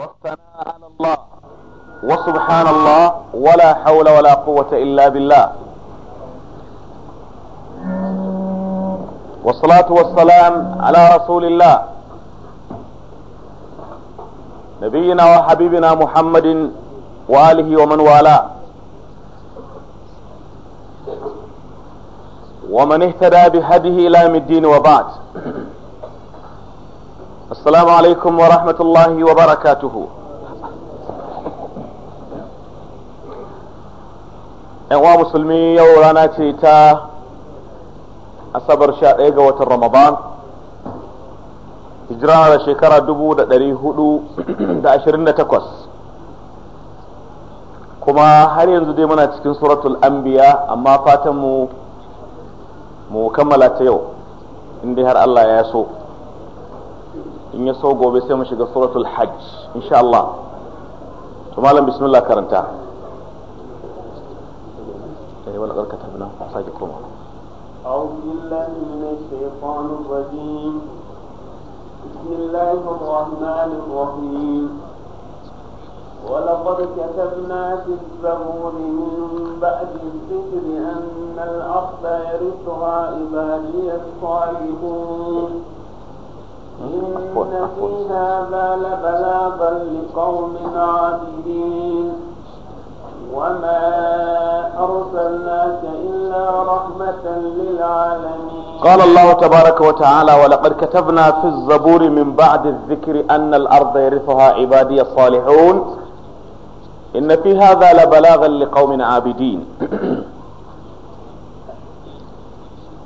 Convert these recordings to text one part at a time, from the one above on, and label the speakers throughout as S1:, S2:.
S1: والثناء على الله
S2: وسبحان الله ولا حول ولا قوة إلا بالله والصلاة والسلام على رسول الله نبينا وحبيبنا محمد وآله ومن والاه ومن اهتدى بهديه إلى يوم الدين وبعد wa rahmatullahi wa barakatuhu وبركاته yanwa musulmi yau rana ce ta asabar sha ɗaya ga watan ramadan hijira da shekara dubu da ɗari hudu da ashirin da takwas kuma har yanzu dai muna cikin suratul ambiya amma fatan mu mu kammala ta yau inda har Allah ya so in ya so gobe sai mu shiga suratul hajj insha Allah to malam bismillah karanta eh wala garka tabna sake koma
S3: أعوذ بالله من الشيطان الرجيم بسم الله الرحمن الرحيم ولقد كتبنا في الزبور من بعد الذكر أن الأرض يرثها عبادي الصالحون إن في هذا لبلاغا لقوم عابدين وما أرسلناك إلا رحمة للعالمين
S2: قال الله تبارك وتعالى ولقد كتبنا في الزبور من بعد الذكر أن الأرض يرثها عبادي الصالحون إن في هذا لبلاغا لقوم عابدين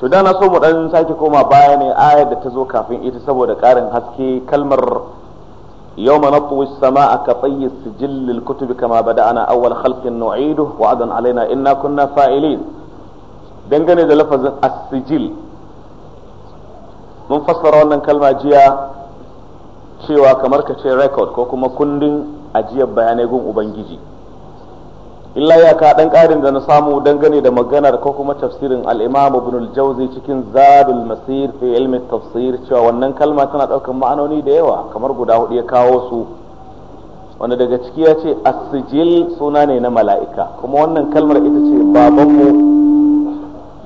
S2: to da na so mu dan sake koma baya ne ayar da ta zo kafin ita saboda karin haske kalmar yawma natwi as-samaa ka tayyi sijil lil kutub kama bada'ana awwal khalqin nu'iduhu adan alaina inna kunna fa'ilin dangane da lafazin as-sijil mun fassara wannan kalma jiya cewa kamar ka ce record ko kuma kundin ajiyar bayanai gun ubangiji illa ya ka dan karin da na samu dangane da maganar ko kuma tafsirin al-Imam Ibn al-Jawzi cikin Zadul Masir fi ilmi tafsir cewa wannan kalma tana daukar ma'anoni da yawa kamar guda hudu ya kawo su wanda daga ciki ya ce as-sijil suna ne na mala'ika kuma wannan kalmar ita ce babanmu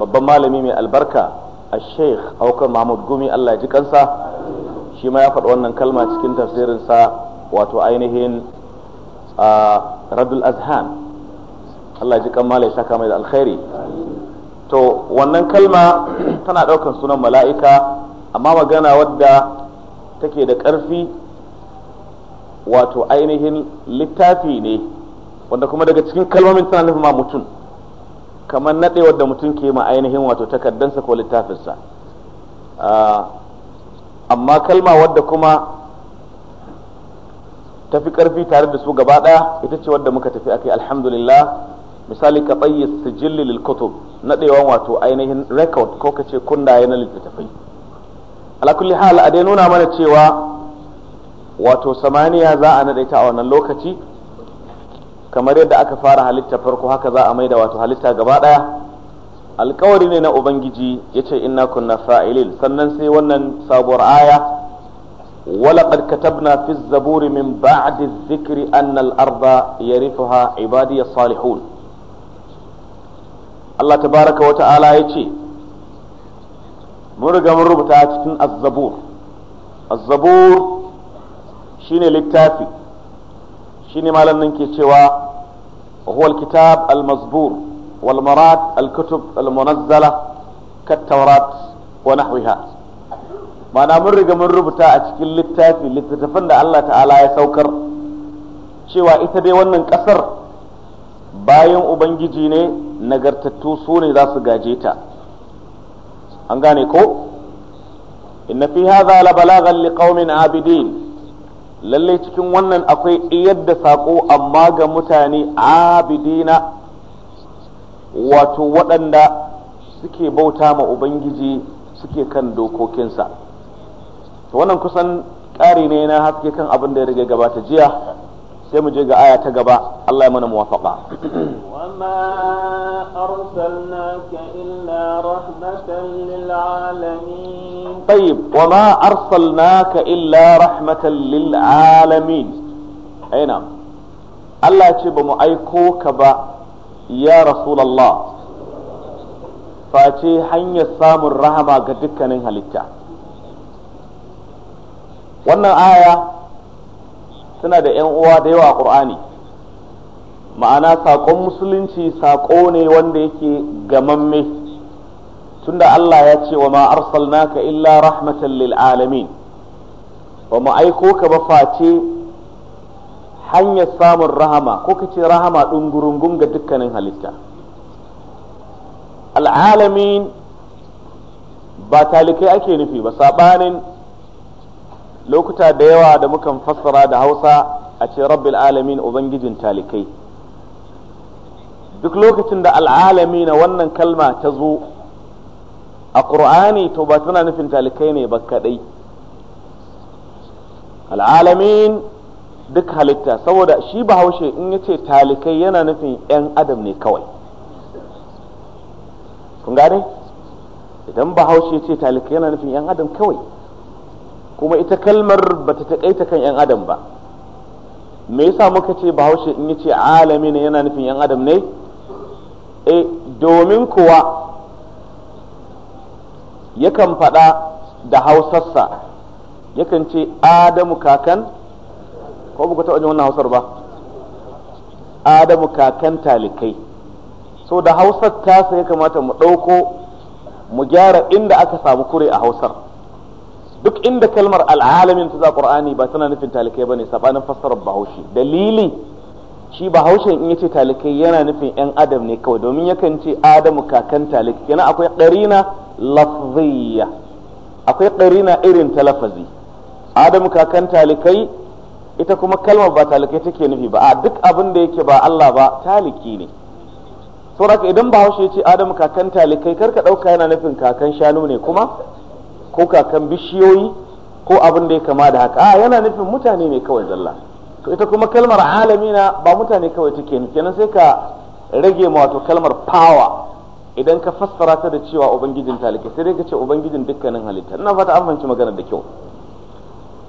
S2: babban malami mai albarka al-Sheikh Aukar Mahmud Gumi Allah ya ji kansa shi ma ya faɗi wannan kalma cikin tafsirin sa wato ainihin Radul Azhan Allah ji kammala ya saka mai da alkhairi to wannan kalma tana ɗaukar sunan mala'ika amma magana wadda take da ƙarfi wato ainihin littafi ne wanda kuma daga cikin kalmomin tana nufin ma mutum kamar naɗe wadda mutum ke ma ainihin wato takardansa ko littafinsa ah, amma kalma wadda kuma tafi ƙarfi tare da su gaba ɗaya ita ce wadda muka tafi akai alhamdulillah misali ka tsayi sijilli lil kutub nadewan wato ainihin record ko kace kundaye na littattafai ala kulli hal a dai nuna mana cewa wato samaniya za a naɗe ta a wannan lokaci kamar yadda aka fara halitta farko haka za a maida wato halitta gaba alkawari ne na ubangiji yace inna kunna fa'ilin sannan sai wannan sabuwar aya ولقد كتبنا في الزبور من بعد الذكر أن الأرض يرثها عبادي الصالحون Allah tabaraka wa ta'ala ya ce mun riga mun rubuta cikin azzabur azzabur ne littafi ne malamin ke cewa huwa alkitab almazbur wal marad alkutub almunazzala kattawrat wa nahwiha Mana mun riga mun rubuta a cikin littafi littattafan da Allah ta'ala ya saukar cewa ita dai wannan ƙasar. bayan ubangiji ne nagartattu su ne za su gaje ta an gane ko inna fi hadha la balagan liƙaumin abidin lalle cikin wannan akwai iyadda sako amma ga mutane abidina wato waɗanda suke bauta ma ubangiji suke kan dokokinsa to wannan kusan ƙari ne na haske kan abin da ya rage gabata jiya sai mu je ga aya ta gaba Allah ya mana muwafaqa
S3: wama arsalnaka illa rahmatan lil alamin
S2: tayyib wama arsalnaka illa rahmatan lil alamin aina Allah ce ba mu aiko ka ba ya rasulullah face hanyar samun rahama ga dukkanin halitta wannan aya suna da 'yan uwa da yawa a ƙur'ani ma'ana saƙon musulunci saƙo ne wanda yake gamamme tunda Allah ya ce wa ma arsalnaka illa rahmatan lil alamin ba mu aiko ka ba face hanyar samun rahama ko ka ce rahama ɗungurungun ga dukkanin halitta al'alamin ba talikai ake nufi ba saɓanin lokuta da yawa da mukan fassara da hausa a ce rabbil alamin ubangijin talikai duk lokacin da al'alami na wannan kalma ta zo a ƙur'ani to ba tana nufin talikai ne ba kaɗai al'alamin duk halitta saboda shi bahaushe in ya ce talikai yana nufin 'yan adam ne kawai kun gane idan bahaushe ce talikai yana nufin 'yan adam kawai kuma ita kalmar bata taƙaita kan yan adam ba me yasa muka ce bahaushe in yace alami ne yana nufin yan adam ne e domin kuwa yakan faɗa da hausarsa yakan ce adamu kakan ko ba ku taɓa jin wannan hausar ba adamu kakan talikai so da hausar tasa ya kamata mu ɗauko mu gyara inda aka samu kure a hausar duk inda kalmar al'alamin ta za qur'ani ba tana nufin talikai bane sabanin fassarar bahaushe dalili shi bahaushe in yace talikai yana nufin yan adam ne kawai domin yakan ce adamu kakan talikai kenan akwai qarina lafziyya akwai qarina irin ta lafazi adamu kakan talikai ita kuma kalmar ba talikai take nufi ba a duk abin da yake ba Allah ba taliki ne saboda idan bahaushe ya ce adamu kakan talikai karka ɗauka yana nufin kakan shanu ne kuma ko kakan bishiyoyi ko abin da ya kama da haka a yana nufin mutane ne kawai zalla to ita kuma kalmar alamina ba mutane kawai take nufi kenan sai ka rage ma wato kalmar power idan ka fassara ta da cewa ubangijin talike sai dai ka ce ubangijin dukkanin halitta ina fata an fahimci maganar da kyau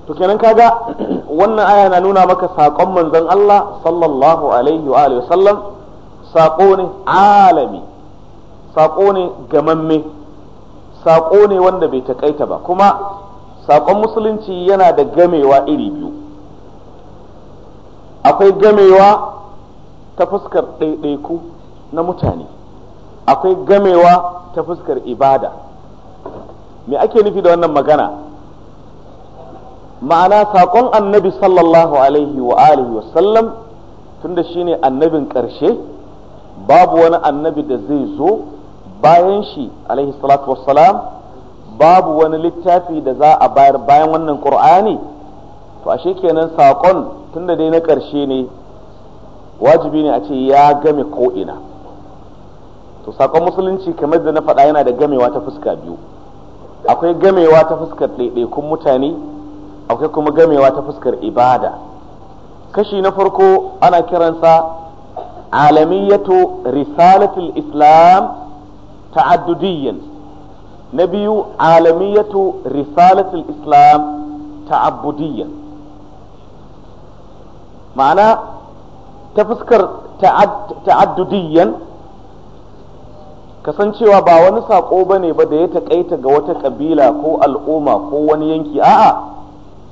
S2: to kenan kaga wannan aya na nuna maka sakon manzon Allah sallallahu alaihi wa alihi wasallam saƙo ne alami sako ne gamamme saƙo ne wanda bai ta takaita ba kuma saƙon musulunci yana da gamewa iri biyu akwai gamewa ta fuskar ɗaiɗaiku na mutane akwai gamewa ta fuskar ibada me ake nufi da wannan magana ma'ana saƙon annabi sallallahu alaihi wa alihi wa sallam tunda shine annabin ƙarshe babu wani annabi da zai zo bayan shi alaihi salatu wassalam babu wani littafi da za a bayar bayan wannan qur'ani to ashe kenan saƙon tunda dai na ƙarshe ne wajibi ne a ce ya game ko ina to saƙon musulunci kamar da na faɗa yana da gamewa ta fuska biyu akwai gamewa ta fuskar ɗaiɗaikun mutane akwai kuma gamewa ta fuskar ibada kashi na farko ana kiransa alamiyatu risalatul islam تعدديا نبي عالمية رسالة الإسلام تعبديا معنى تفسكر تعد تعدديا kasancewa ba wani saƙo ba ne ba da ya taƙaita ga wata ƙabila ko al'umma ko wani yanki a'a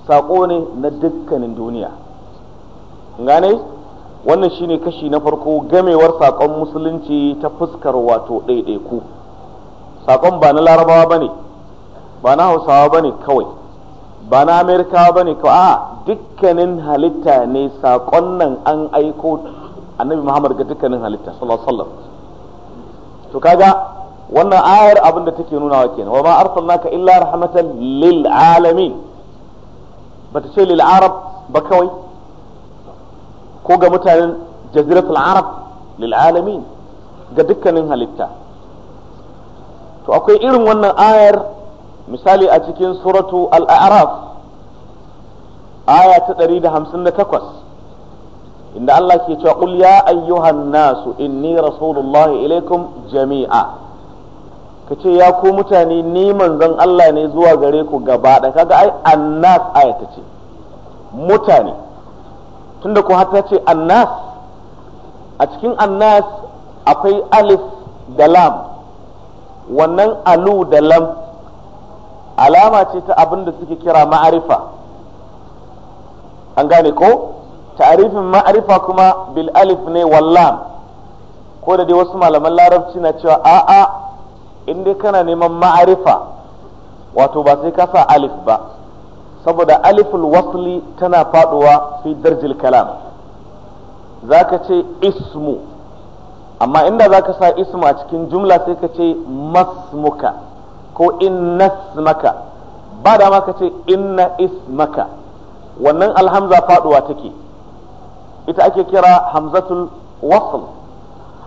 S2: saƙo ne na dukkanin duniya gane wannan shine kashi na farko gamewar sakon musulunci ta fuskar wato ɗaiɗaiku sakon ba na larabawa ba ne ba na hausawa ba ne kawai ba na amerikawa ba ne kawai a dukkanin halitta ne saƙon nan an aiko annabi muhammad ga dukkanin halitta sallallahu to kaga wannan ayar abin da take nuna wa kenan wa ma arsalnaka illa rahmatan lil alamin bata ce lil arab ba kawai ko ga mutanen jaziratul arab lil alamin ga dukkanin halitta to akwai irin wannan ayar misali a cikin suratu al-a'raf aya ta 158 inda Allah ke cewa qul ya ayyuhan nasu inni rasulullahi ilaikum jami'a kace ya ku mutane ni manzon Allah ne zuwa gare ku gaba da kaga ai annas ayata ce mutane tunda ko hata ce annas a cikin annas akwai alif da lam wannan alu da lam alama ce ta abin da suke kira ma'arifa an gane ko ta'arifin ma'arifa kuma bil alif ne wallam ko da dai wasu malaman larabci na cewa a'a in dai kana neman ma'arifa wato ba sai ka alif ba saboda aliful wasli tana faduwa fi darjil kalam zaka ce ismu amma inda zaka sa ismu a cikin jumla sai ka ce masmuka ko innasmaka ba da ma ka ce inna ismaka wannan alhamza faduwa take ita ake kira hamzatul wasl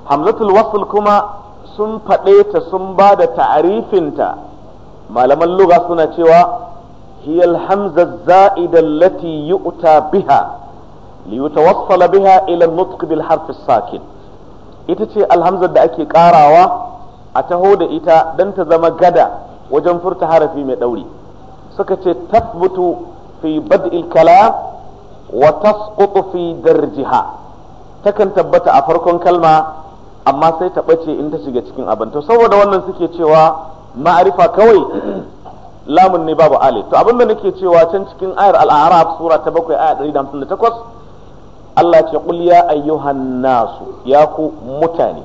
S2: hamzatul wasl kuma sun faɗe ta sun ba da ta'arifinta malaman lugha suna cewa هي الحمزة الزائدة التي يؤتى بها ليتوصل بها إلى النطق بالحرف الساكن إتتي الحمزة دا أكي قاراوة أتهود إتا دنت زما قدا وجنفر في مدولي سكتي تثبت في بدء الكلام وتسقط في درجها تكن تبت a كلمة kalma amma sai ta ɓace in ta shiga cikin abin to saboda wannan suke cewa ma'arifa kawai lamun ne babu alif to abinda nake cewa can cikin ayar al-a'raf sura ta 7 aya 158 Allah ce qul ya ayyuhan nasu ya ku mutane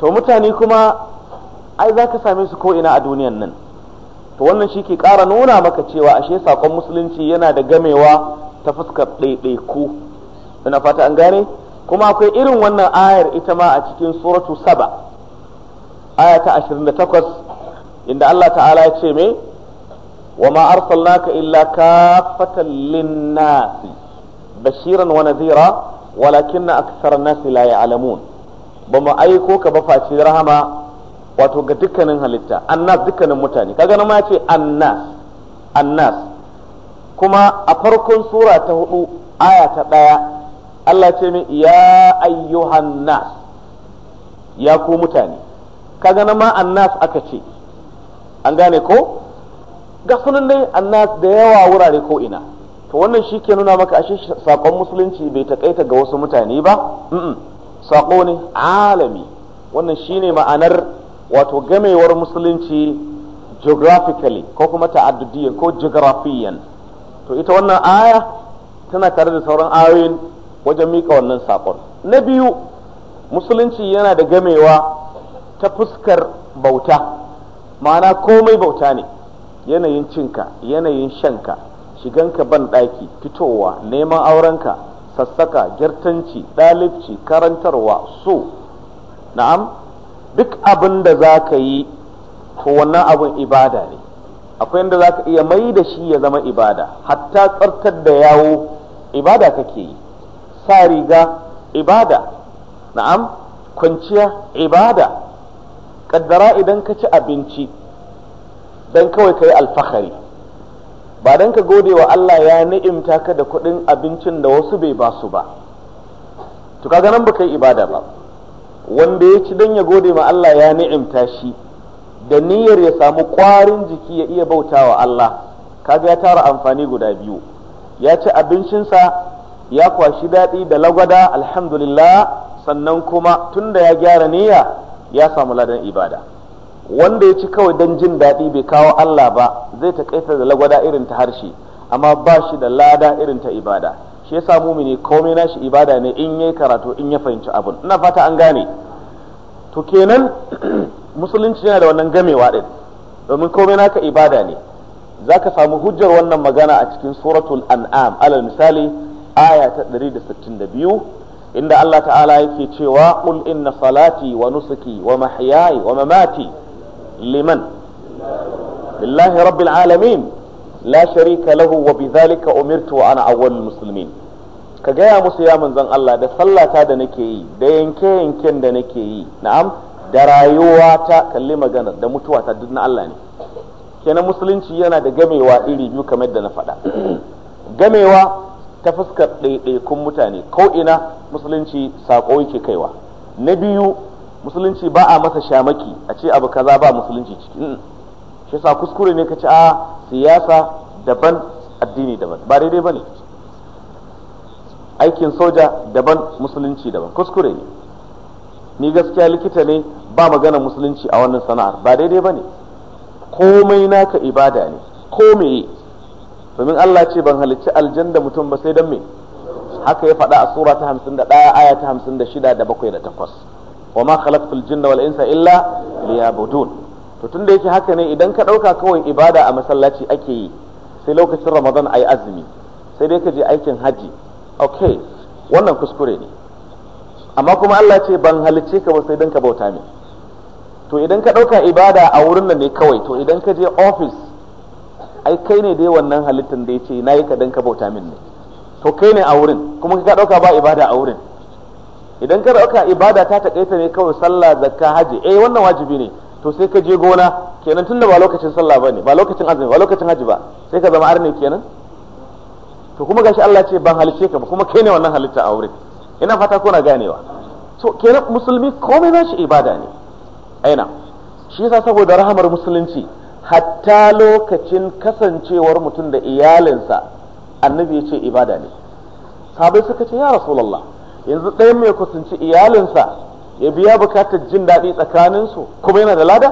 S2: to mutane kuma ai zaka same su ko ina a duniyan nan to wannan shi ke ƙara nuna maka cewa ashe sakon musulunci yana da gamewa ta fuskar ɗaiɗaiku ina fata an gane kuma akwai irin wannan ayar ita ma a cikin suratu saba aya ta 28 inda Allah ta'ala ya ce me wa ma arsalnaka illa kafatan lin bashiran wa nadhira walakinna aksar nas la ya'lamun ba mu aiko ka ba face rahama wato ga dukkanin halitta annas dukkanin mutane kaga nan ma ya ce annas annas kuma a farkon sura ta hudu aya ta daya Allah ce min ya ayyuhan nas ya ku mutane kaga nan ma annas aka ce an gane ko ga sunan annas da yawa wurare ko ina to wannan shi ke nuna maka ashe sakon musulunci bai takaita ga wasu mutane ba sako ne alami wannan shi ne ma'anar wato gamewar musulunci geographically ko kuma ta'addudiyan ko geographiyan to ita wannan aya tana tare da sauran ayoyin wajen mika wannan sakon na biyu musulunci yana da gamewa ta fuskar bauta ma'ana komai bauta ne yanayin cinka yanayin shanka shiganka ban ɗaki fitowa neman aurenka sassaka girtanci ɗalibci karantarwa so na'am duk abin da za ka yi to wannan abin ibada ne akwai inda za ka iya mai da shi ya zama ibada hatta tsartar da yawo ibada kake yi sa riga ibada na'am kwanciya ibada kaddara idan ka ci abinci dan kawai ka yi alfahari ba dan ka gode wa Allah ya ni'imta ka da kuɗin abincin da wasu bai ba su ba to kaga nan baka yi ibada ba wanda ya ci dan ya gode ma Allah ya ni'imta shi da niyyar ya samu ƙwarin jiki ya iya bautawa Allah kaga ya tara amfani guda biyu ya ci abincinsa ya kwashi daɗi da lagwada alhamdulillah sannan kuma tunda ya gyara niyya ya samu ladan ibada wanda ya ci kawai don jin daɗi bai kawo Allah ba zai kaita da lagwada irin ta harshe amma ba shi da lada irin ta ibada shi yasa mumini komai nashi ibada ne in yayi karatu in ya fahimci abun ina fata an gane to kenan musulunci yana da wannan gamewa din domin komai naka ibada ne zaka samu hujjar wannan magana a cikin suratul an'am alal misali aya ta 162 inda Allah ta'ala yake cewa qul inna salati wa nusuki wa mahyaya wa mamati liman lillahi rabbil alamin la sharika lahu wa bidhalika umirtu wa ana awwalul muslimin ka gaya musu ya manzon Allah da sallata da nake yi da yanke yanken da nake yi na'am da rayuwa ta kalli magana da mutuwa ta duk na Allah ne kenan musulunci yana da gamewa iri biyu kamar da na faɗa gamewa ta fuskar ɗaiɗaikun mutane ko ina musulunci saƙo yake kaiwa na biyu musulunci ba a masa shamaki a ce abu kaza ba musulunci ciki mm. shi sa kuskure ne ka ci a siyasa daban addini daban ba daidai ba ne aikin soja daban musulunci daban kuskure ne ni gaskiya likita ne ba magana musulunci a wannan sana'ar ba daidai ba ne komai naka ibada ne komai domin Allah ce ban halicci da mutum ba sai dan me haka ya faɗa a sura ta 51 aya ta 56 da 7 da 8 wa ma khalaqtul jinna wal insa illa liyabudun to tunda yake haka ne idan ka dauka kawai ibada a masallaci ake yi sai lokacin Ramadan ayi azumi sai dai ka je aikin haji okay wannan kuskure ne amma kuma Allah ce ban halicce ka ba sai dan ka bauta ne to idan ka dauka ibada a wurin nan ne kawai to idan ka je office ai kai ne dai wannan halittan da ya ce na yi kadan ka bauta min ne to kai ne a wurin kuma ka ɗauka ba ibada a wurin idan ka ɗauka ibada ta taƙaita ne kawai sallah zakka haji eh wannan wajibi ne to sai ka je gona kenan tunda ba lokacin sallah bane ba lokacin azumi ba lokacin haji ba sai ka zama arne kenan to kuma gashi Allah ce ban halice ka ba kuma kai ne wannan halitta a wurin ina fata kuna ganewa to kenan musulmi komai nashi ibada ne aina shi yasa saboda rahamar musulunci hatta lokacin kasancewar mutum da iyalinsa annabi ya ce ibada ne sabai suka ce ya rasulallah yanzu ɗayan mai kusanci iyalinsa ya biya bukatar jin daɗi tsakaninsu kuma yana da lada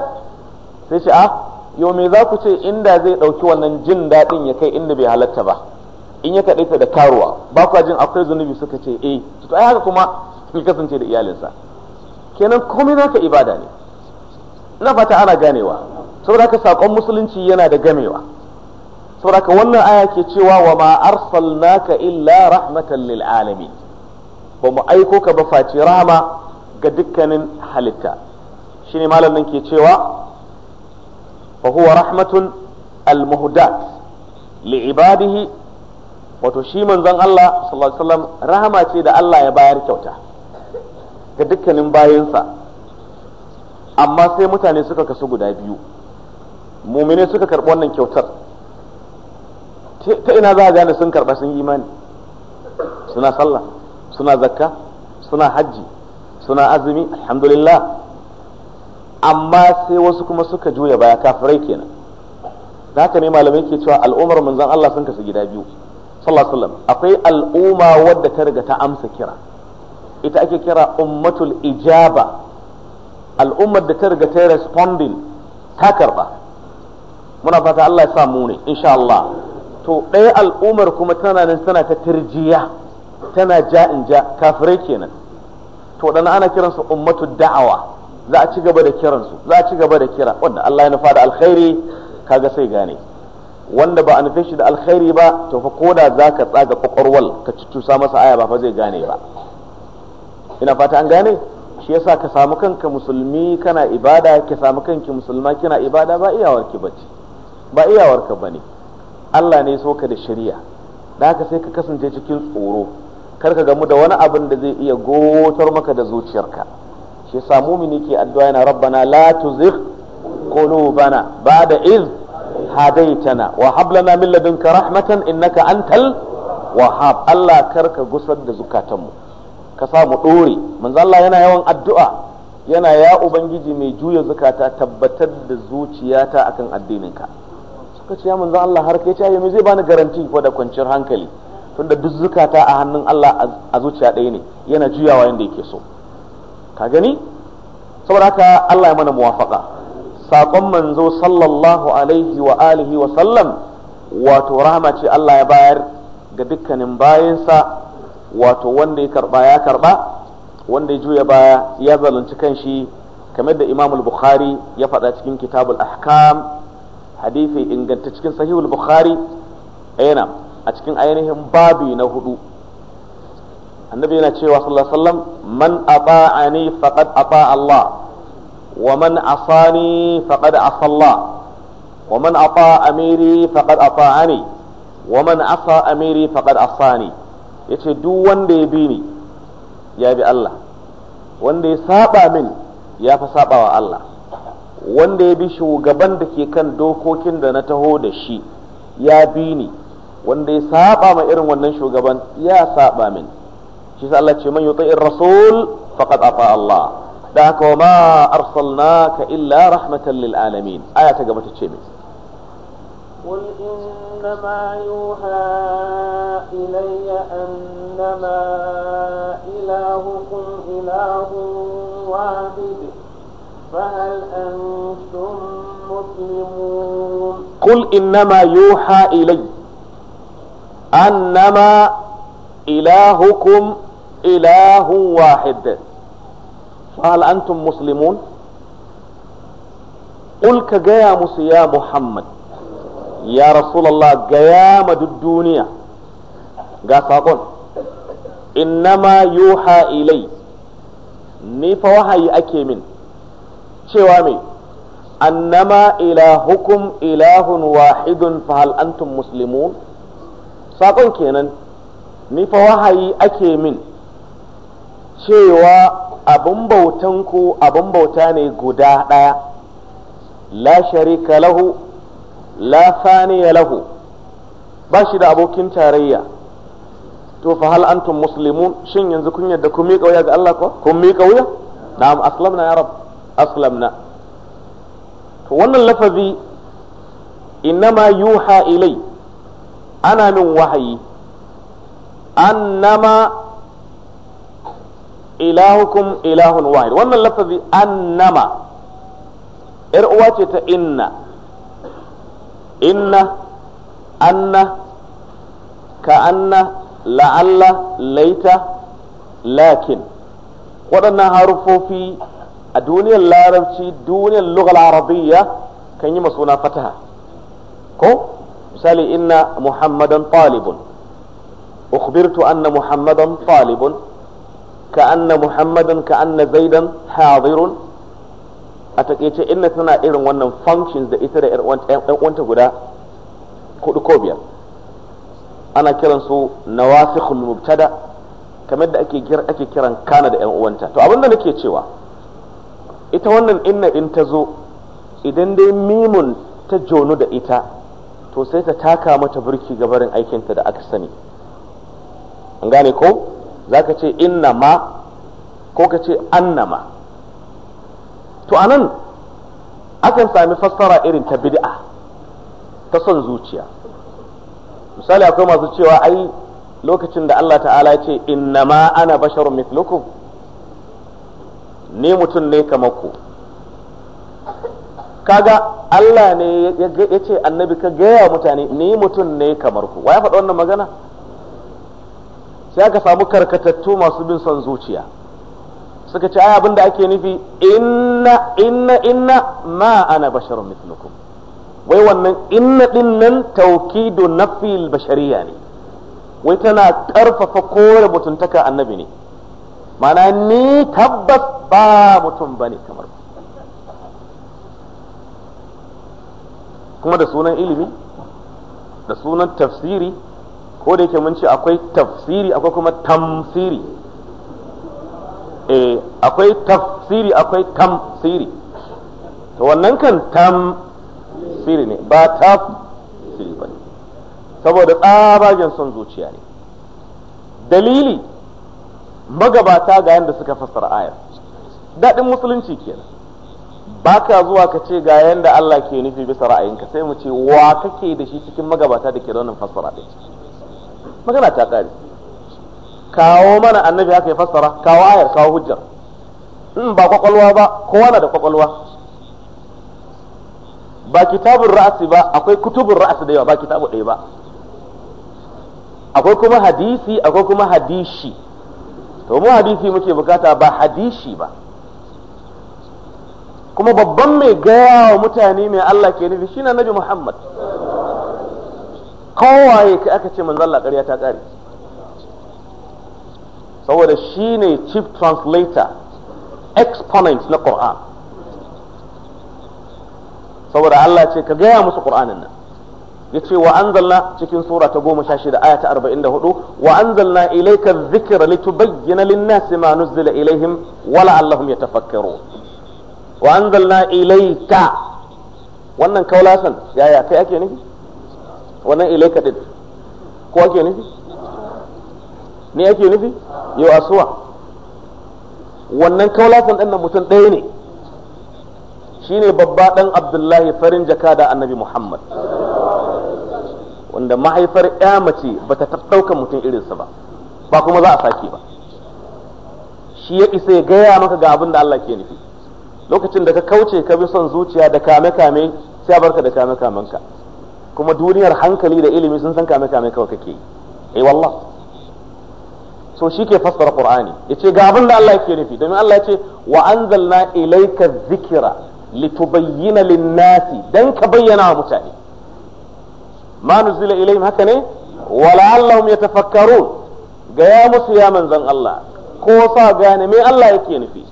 S2: sai ce a ah, yau me za ku ce inda zai ɗauki wannan jin daɗin ya kai inda bai halatta ba in ya kaɗai ta da karuwa ba kuwa jin akwai zunubi suka ce eh to ai haka kuma ya kasance da iyalinsa kenan komai naka ibada ne na fata ana ganewa saboda ka sakon musulunci yana da gamewa saboda ka wannan aya ke cewa wa ma arsalnaka illa rahmatan lil alamin ba mu aiko ka ba face rahama ga dukkanin halitta shine malamin ke cewa fa huwa rahmatun al muhdat li ibadihi wato shi manzon Allah sallallahu alaihi wasallam rahama ce da Allah ya bayar kyauta ga dukkanin bayansa amma sai mutane suka kasu guda biyu mumine suka karɓi wannan kyautar ta ina za a gane sun karɓa sun yi imani suna sallah suna zakka suna hajji suna azumi alhamdulillah amma sai wasu kuma suka juya baya kafirai kenan da haka ne malamai ke cewa al'ummar zan Allah sun kasu gida biyu sallallahu alaihi akwai al'umma wadda ta riga ta amsa kira ita ake kira ummatul ijaba al'ummar da ta riga ta responding ta karba muna fata Allah ya sa mu ne insha Allah to ɗaya al'ummar kuma tana nan tana ta tirjiya tana ja in ja kafirai kenan to dan ana kiransu ummatu da'awa za a ci gaba da kiransu za a ci gaba da kira wanda Allah ya nufa da alkhairi kaga sai gane wanda ba a nufe shi da alkhairi ba to fa koda zaka tsaga kwakwalwal ka cucusa masa aya ba fa zai gane ba ina fata an gane shi yasa ka samu kanka musulmi kana ibada ki samu kanki musulma kina ibada ba iyawarki bace ba iyawarka bane Allah ne so ka da shari'a da haka sai ka kasance cikin tsoro kar ka gamu da wani abin da zai iya gotar maka da zuciyarka shi yasa mumini ke addu'a yana rabbana la tuzigh qulubana ba'da iz hadaitana wa hab lana min ladunka rahmatan innaka antal wahhab Allah kar ka gusar da zukatanmu ka mu dore manzo Allah yana yawan addu'a yana ya ubangiji mai juya zukata tabbatar da zuciyata akan addininka suka ce ya manzo Allah har kai ce me zai bani garanti ko da kwanciyar hankali tunda duk zukata a hannun Allah a zuciya ɗaya ne yana juyawa yanda yake so ka gani saboda haka Allah ya mana muwafaka saƙon manzo sallallahu alaihi wa alihi wa sallam wato rahama ce Allah ya bayar ga dukkanin bayansa wato wanda ya karba ya karba wanda ya juya baya ya zalunci kanshi kamar da imamul Bukhari ya faɗa cikin Kitabul Ahkam hadisi inganta cikin sahihul bukhari yana a cikin ainihin babi na hudu annabi yana cewa sallallahu alaihi wasallam man ata'ani faqad ata Allah wa man asani faqad asa Allah wa man ata amiri faqad ata'ani wa man asa amiri faqad asani yace duk wanda ya bi ni ya bi Allah wanda ya saba min ya fa saba wa Allah wanda ya bi shugaban da ke kan dokokin da na taho da shi ya bi ni wanda ya saba ma irin wannan shugaban ya saba min shi sa Allah ce man yuti'ir rasul faqad afa Allah da haka wa ma arsalnaka illa rahmatan lil alamin aya ta gaba ta ce mai
S3: قل إنما يوحى إلي أنما إلهكم إله واحد فهل أنتم مسلمون
S2: قل إنما يوحى إلي أنما إلهكم إله واحد فهل أنتم مسلمون قل كجيا يا محمد يا رسول الله جيا الدنيا قاسقون إنما يوحى إلي ni fa wahayi ake min cewa me annama ila hukum ilahun wahidun fahal hal antum muslimun sakon kenan ni fa wahayi ake min cewa abin bautan ku abin bauta ne guda ɗaya la sharika lahu la saniya lahu ba shi da abokin tarayya to fa hal antum muslimun shin yanzu kun yadda kun miƙa wuya ga Allah ko kun miƙa wuya na'am aslamna ya rabb aslamna wannan lafazi innama yuha ilai ana min wahayi annama ilahukum ilahun wahid wannan lafazi annama yar uwa ce ta inna inna anna ka anna la'alla laita lakin waɗannan harufofi a duniyar larabci duniyar lugal arabiyya kan yi masuna fataha ko misali inna muhammadan talibun ukhbirtu anna muhammadan talibun ka anna muhammadan ka anna zaidan hadirun a takeice inna tana irin wannan functions da ita da yan uwanta guda hudu ko biyar ana kiransu nawasikhul mubtada kamar da ake ake kiran kana da yan uwanta to abinda nake cewa ita wannan inna in ta zo idan dai mimun ta jonu da ita to sai ta taka mata burki gabarin aikinta da aka sani an gane ko za ka ce inna ma ko ka ce annama to anan akan sami fassara irin ta bid'a ta son zuciya misali akwai masu cewa ai lokacin da Allah ta'ala ya ce ma ana basharun mithlukum ni mutum ne kamar ku kaga Allah ne ya ce annabi ka gaya mutane ni mutum ne kamar ku ya faɗa wannan magana sai aka samu karkatattu masu bin son zuciya suka ce ai abinda ake nufi inna inna inna ma ana basharun mithlukum wai wannan inna din nan tawkidu nafil bashariya ne wai tana ƙarfafa kore mutuntaka annabi ne mana ni tabbas ba mutum ba ne kamar kuma da sunan ilimi da sunan tafsiri ko da yake mun ce akwai tafsiri akwai kuma tamsiri eh akwai tafsiri akwai tamsiri to wannan kan tamsiri ne ba tafsiri ba ne saboda tsabagen son zuciya ne dalili magabata ga yanda suka fassara ayar daɗin musulunci kenan baka zuwa ka ce ga yanda Allah ke nufi bisa ra'ayinka sai mu ce wa kake da shi cikin magabata da ke da wannan fassara ɗin magana ta ƙare kawo mana annabi haka ya fassara kawo ayar kawo hujjar in ba kwakwalwa ba kowa na da kwakwalwa ba kitabun ra'asi ba akwai kutubun ra'asi da yawa ba kitabu ɗaya ba akwai kuma hadisi akwai kuma hadishi to mu hadisi muke bukata ba hadishi ba kuma babban mai gaya mutane mai Allah ke nufi shine Nabi Muhammad kowaye ka aka ce manzo Allah ƙarya ta ƙare saboda shine chief translator exponent na Qur'an saboda Allah ce ka gaya musu Qur'anin nan yace wa anzalna cikin sura ta 16 aya ta 44 wa anzalna ilayka dhikra litubayyana lin-nasi ma nuzila ilayhim wa la'allahum yatafakkarun wa anzalna ilayka wannan kaulasan yaya kai ake nufi wannan ilayka din ko ake nufi ne ake nufi yau asuwa wannan kaulasan din mutum ɗaya ne shine babba dan Abdullahi farin jaka da Annabi Muhammad wanda mahaifar ya mace ba ta ɗaukan mutum irinsa ba ba kuma za a sake ba shi ya isa ya gaya maka ga abin da Allah ke nufi lokacin da ka kauce ka bi son zuciya da kame-kame sai barka da kame-kamenka kuma duniyar hankali da ilimi sun san kame-kame kawai kake yi ai eh, wallah so shi ke fassara qur'ani yace ga abin da Allah ke nufi domin Allah ce wa anzalna ilayka dhikra litubayyana lin-nasi dan ka bayyana wa mutane ma nuzila ilaihim haka ne wala'allahum yatafakkarun ga Gaya musu ya manzon Allah ko sa gane me Allah yake nufi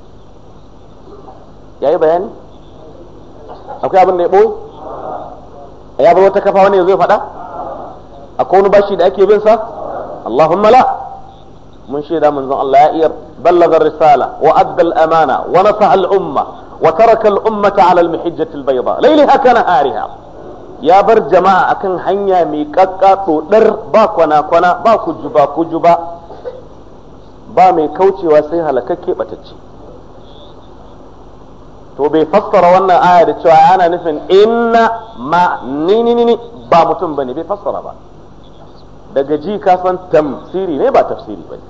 S2: yayi bayani akwai abin ya boye ya bar wata kafa wani zai faɗa akwai wani bashi da ake bin sa Allahumma la mun shaida manzon Allah ya iya ballaga risala wa adda al-amana wa nasaha umma wa taraka al-ummata ala al-mihijjati al-bayda laylaha kana hariha ya bar jama'a akan hanya mai kakka ɗodar ba kwana-kwana ba kujuba kujuba ba mai kaucewa sai halakakke batacce to bai fassara wannan aya da cewa ana nufin inna ma ni ni ni ba mutum bane bai fassara ba daga ji ka san tamsiri ne ba tafsiri bane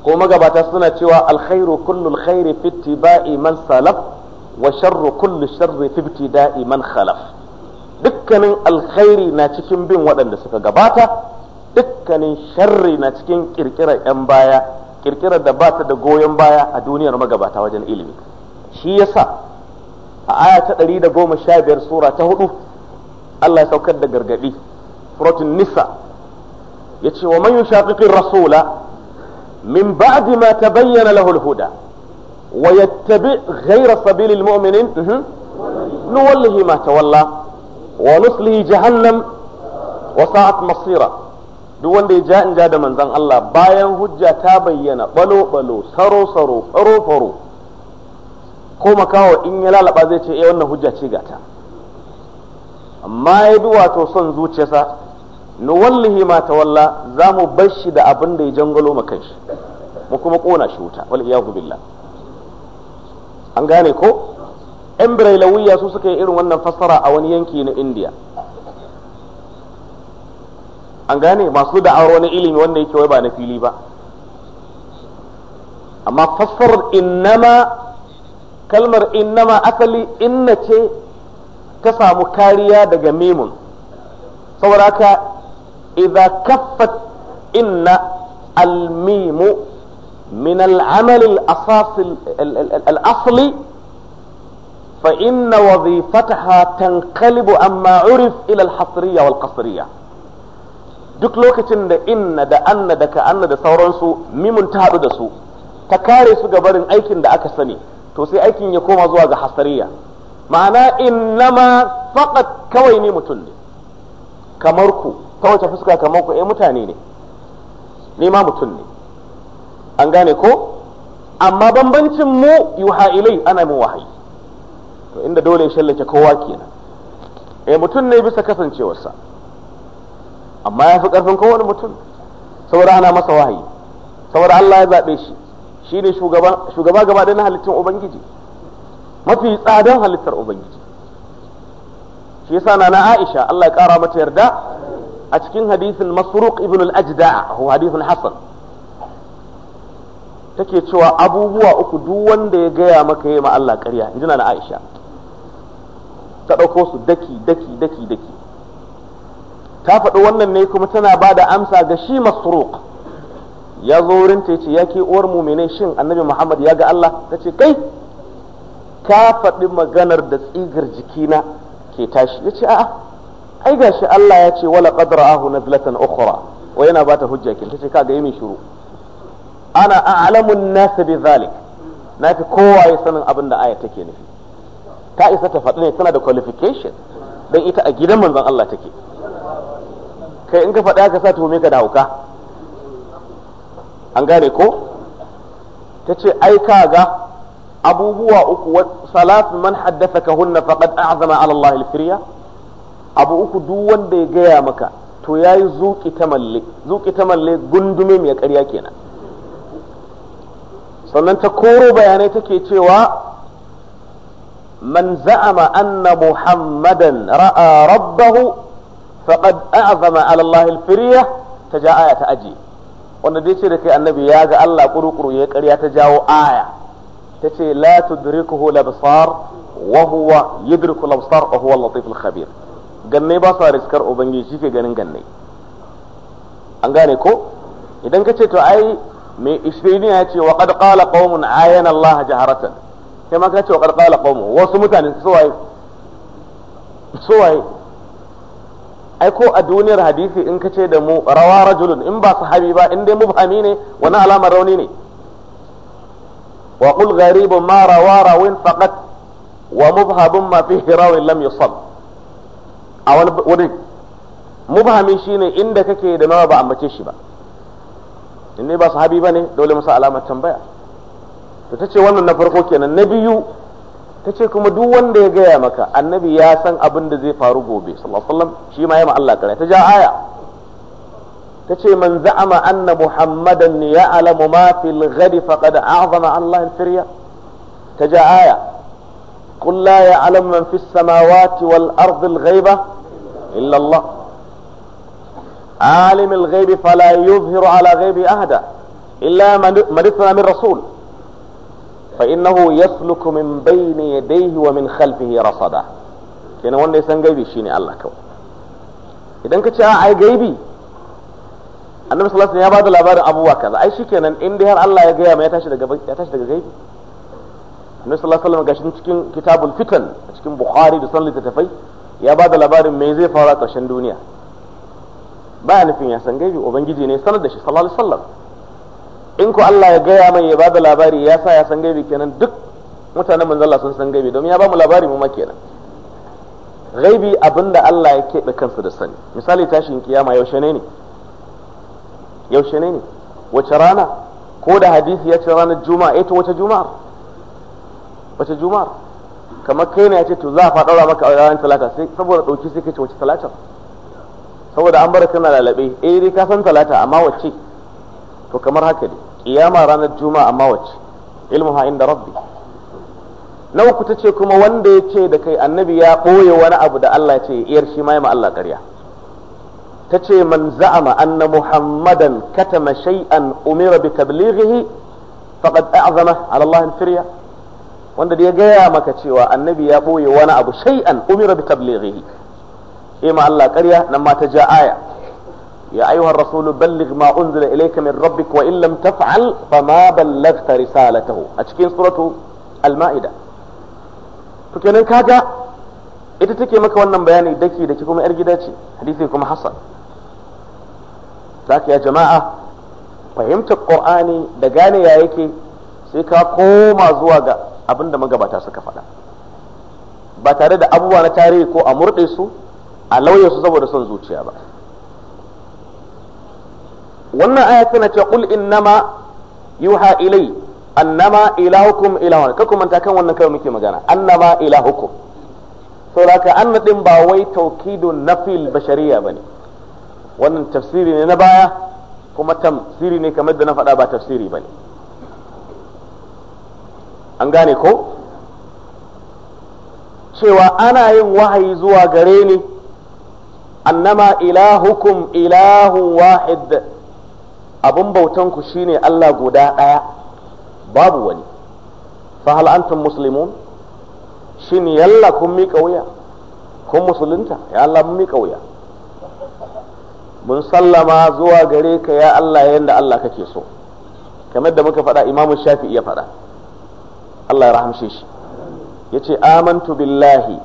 S2: ko magabata suna cewa alkhairu kullu alkhairi fi ittiba'i man salaf wa sharru kullu sharri fi ibtida'i man khalaf dukkanin alkhairi na cikin bin waɗanda suka gabata dukkanin sharri na cikin kirkirar 'yan baya kirkirar da ba ta da goyon baya a duniyar magabata wajen ilimi shi yasa a aya ta biyar sura ta hudu Allah ya saukar da gargaɗi suratun nisa ya ce wa man yushaqiqir rasula min ba'di ma tabayyana lahu al-huda wa yattabi ghayra sabilil mu'minin mhm, nuwallihi ma tawalla wa nuslihi jahannam wa sa'at masira duk wanda ya ja in ja da manzon Allah bayan hujja ta bayyana balo balo saro saro faro faro ko makawa in ya lalaba zai ce eh wannan hujja ce amma ya bi wato son zuciyarsa nuwallihi ma walla za mu bar shi da abin da ya jangalo ma kanshi mu kuma kona shi wuta wal iyyahu billah an gane ko 'yan birailawiya su suka yi irin wannan fassara a wani yanki na indiya an gane masu da da'awar wani ilimi wanda yake wai ba na fili ba amma fassarar innama kalmar innama asali inna ce ta samu kariya daga memun saboda ka idza kaffat inna almimu min al'amal al-asli فإن وظيفتها تنقلب عما عرف إلى الحصرية والقصرية duk lokacin da inna da anna da ka'anna da sauransu mimun ta haɗu da su ta kare su ga barin aikin da aka sani to sai aikin ya koma zuwa ga hasariya ma'ana innama faqat kawai ne mutum ne kamar ku ta wace fuska kamar ku eh mutane ne ni ma mutum ne an gane ko amma bambancin mu yuha ilai ana min wahayi to inda dole ya shallake kowa kenan eh mutum ne bisa kasancewarsa amma ya fi karfin kowane mutum saboda ana masa wahayi saboda Allah ya zaɓe shi shine ne shugaba gaba da na halittar ubangiji mafi tsadan halittar ubangiji shi yasa na Aisha Allah ya kara mata yarda a cikin hadisin Masruq ibn al-Ajda' ko hadisin Hasan take cewa abubuwa uku duk wanda ya gaya maka yi ma Allah ƙarya injina na Aisha ta ɗauko su daki daki daki daki ta faɗi wannan ne kuma tana ba da amsa ga shi masruq ya zo wurin ta ce ya ke uwar muminai shin annabi muhammad ya ga allah ta ce kai ka faɗi maganar da tsigar jikina ke tashi ya ce a'a ai gashi allah ya ce wala qad na nazlatan ukhra wa yana ba ta hujja kin ce kaga yi shiru ana a'lamun nasa bi zalik nafi kowa ya sanin abin da aya take nufi ta isa ta faɗi ne tana da qualification dan ita a gidan manzon Allah take kai in ka faɗi haka sa me ka da hauka an gane ko ta ce ai ga abubuwa uku salat man haddathaka hunna faqad a'zama ala Allah al-firya abu uku duk wanda ya gaya maka to yayi zuki ta malle, zuki ta malle gundume mai ƙarya kenan sannan ta koro bayanai take cewa من زعم أن محمدا رأى ربه فقد أعظم على الله الفرية تجا آية أجي wanda dai ce da kai annabi ya ga Allah kurukuru ya karya ta jawo aya ta ce la tudrikuhu labsar wa huwa yudriku labsar wa huwa latif khabir ganne ba sa riskar ubangiji shi ke ganin ganne an gane ko idan ka ce to ai mai ya ce wa qad qala qaumun ayana Allah jaharatan kai ma ce wa qarqala qawmu wasu mutane su waye ai ko a duniyar hadisi in ka ce da mu rawa rajulun in ba sahabi ba in dai mubhami ne wani alamar rauni ne wa qul gharibun ma rawa rawin faqat wa mubhabun ma fihi rawin lam yusab a wani wurin mubhami shine inda kake da nawa ba ambace shi ba in ne ba sahabi ne dole musa alamar tambaya to ce wannan na farko kenan na biyu Ta ce kuma duk wanda ya gaya maka annabi ya san abin da zai faru gobe sallallahu alaihi wasallam shi ma ma Allah kare ta ja aya Ta ce man za'ama anna muhammadan ya'lamu ma fil ghadi faqad a'zama Allah al-firya ta ja aya قل لا يعلم من في السماوات والأرض الغيبة إلا الله عالم الغيب فلا يظهر على غيب أهدا إلا من ارسل من رسول فإنه يسلك من بين يديه ومن خلفه رصدا kenan wanda ya san gaibi shine Allah kawai idan ka ce ai gaibi annabi sallallahu alaihi wasallam ya bada labarin abubuwa kaza ai shikenan in dai har Allah ya gaya mai ya tashi daga ya tashi daga gaibi annabi sallallahu alaihi wasallam gashin cikin kitabul fitan a cikin bukhari da sunan littattafai ya bada labarin me zai fara a ƙarshen duniya baya nufin ya san gaibi ubangiji ne sanar da shi sallallahu alaihi wasallam in ko Allah ya gaya mai ya bada labari ya sa ya san gaibi kenan duk mutanen manzo Allah sun san gaibi domin ya ba mu labari mu ma kenan gaibi abinda Allah ya keɓe kansa da sani misali tashin kiyama yaushe ne ne yaushe ne ne wace rana ko da hadisi ya ce ranar juma'a ita eh wace juma'ar wace juma'ar kamar kai ne ya ce to za a faɗaura maka a ranar talata sai saboda ɗauki sai kai ce wace talata saboda an bar kana lalabe eh dai ka san talata amma wacce to kamar haka ne kiyama ranar juma'a amma wace ilmuha inda rabbi na uku ta ce kuma wanda ya ce da kai annabi ya ɓoye wani abu da Allah ce iyar shi ma ya Allah ƙarya ta ce man za'ama anna muhammadan katama shay'an umira bi tablighihi faqad a'zama ala Allah firya wanda da ya gaya maka cewa annabi ya ɓoye wani abu shay'an umira bi tablighihi ma Allah ƙarya nan ma ta ja aya يا أيها الرسول بلغ ما أنزل إليك من ربك وإن لم ho a cikin رسالته alma'ida سورة المائدة فكينا كاجا ita take maka wannan bayani daki da kuma yar gida ce hadisi kuma hasan zaka ya jama'a fahimtar qur'ani da gane ya yake sai ka koma zuwa ga abinda da magabata suka faɗa ba tare da abubuwa na tarihi ko a murɗe su a lauye su saboda son zuciya ba wannan aya tana cewa qul innama yuha ilai annama ilahukum ilahun ka kuma manta kan wannan kawai muke magana annama ilahukum saboda anna din ba wai taukidun nafil bashariya bane wannan tafsiri ne na baya kuma tafsiri ne kamar da na faɗa ba tafsiri bane an gane ko cewa ana yin wahayi zuwa gare ni annama ilahukum ilahu wahid abin bautanku shine Allah guda ɗaya babu wani fahal antum muslimun shin yalla kun miƙa wuya kun musulunta ya Allah mun miƙa wuya mun sallama zuwa gare ka ya Allah yanda Allah kake so kamar da muka faɗa imamu shafi ya faɗa Allah ya rahamshe shi yace amantu billahi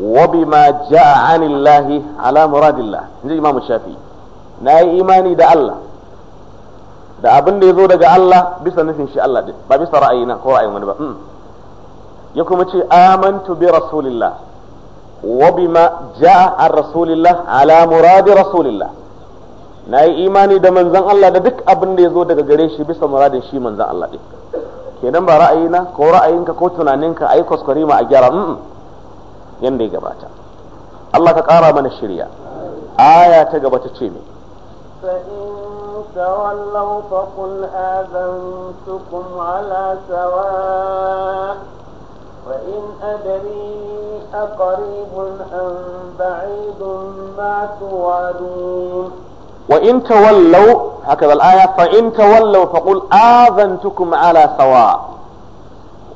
S2: wa bima ja'a anillahi ala muradillah inji imamu shafi'i na yi imani da Allah da abin da ya zo daga Allah bisa nufin shi Allah din ba bisa ra'ayina ko ra'ayin wani ba hmm. ya kuma ce amantu bi rasulillah wa bima ja'a ar rasulillah ala muradi rasulillah na yi imani da manzan Allah da duk abin da ya zo daga gare shi bisa muradin shi manzon Allah din kenan ba ra'ayina ko ra'ayinka ko tunaninka ai kuskure ma a gyara hmm. yanda ya gabata Allah ka kara mana shirya aya ta gaba ta ce mai
S3: فإن تولوا فقل آذنتكم على سواء وإن أدري أقريب أم بعيد ما توعدون
S2: وإن تولوا هكذا الآية فإن تولوا فقل آذنتكم على سواء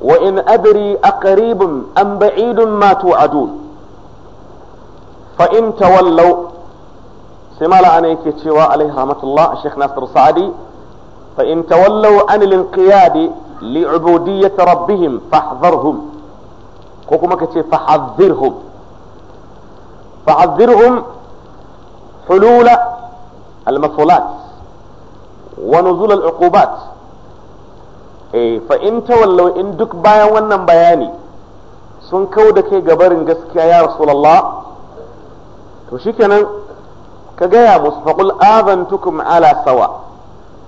S2: وإن أدري أقريب أم بعيد ما توعدون فإن تولوا sai mala ana yake cewa alaihi rahmatullah Sheikh Nasir Sa'adi fa in tawallaw an al-inqiyad li ubudiyyati rabbihim fahdharhum ko kuma kace fahdhirhum fahdhirhum hulula al-maf'ulat wa nuzul al-uqubat eh fa in tawallaw in duk bayan wannan bayani sun kau da kai gabarin gaskiya ya rasulullah to shikenan ka gaya musu faƙul azantukum ala sawa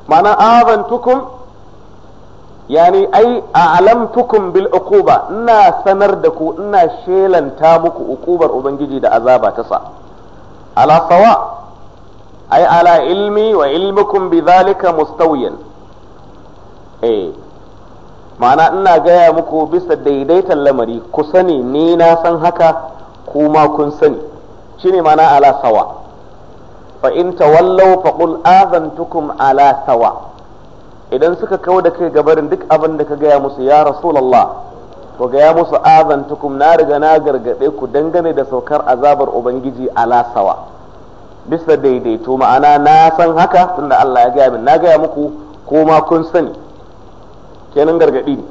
S2: ma'ana azantukum yani ai a'lamtukum bil uquba ina sanar da ku ina shelanta muku uqubar ubangiji da azaba ta sa ala sawa ai ala ilmi wa ilmukum bidhalika mustawiyan eh ma'ana ina gaya muku bisa daidaitan lamari ku sani ni na san haka kuma kun sani shine ma'ana ala sawa fa in tawallaw fa qul azantukum ala idan suka kawo da kai gabarin duk abin da ka gaya musu ya rasulullah to gaya musu azantukum na riga na gargade ku dangane da saukar azabar ubangiji ala sawa bisa daidaito ma'ana na san haka tunda Allah ya gaya min na gaya muku ko ma kun sani kenan gargadi ne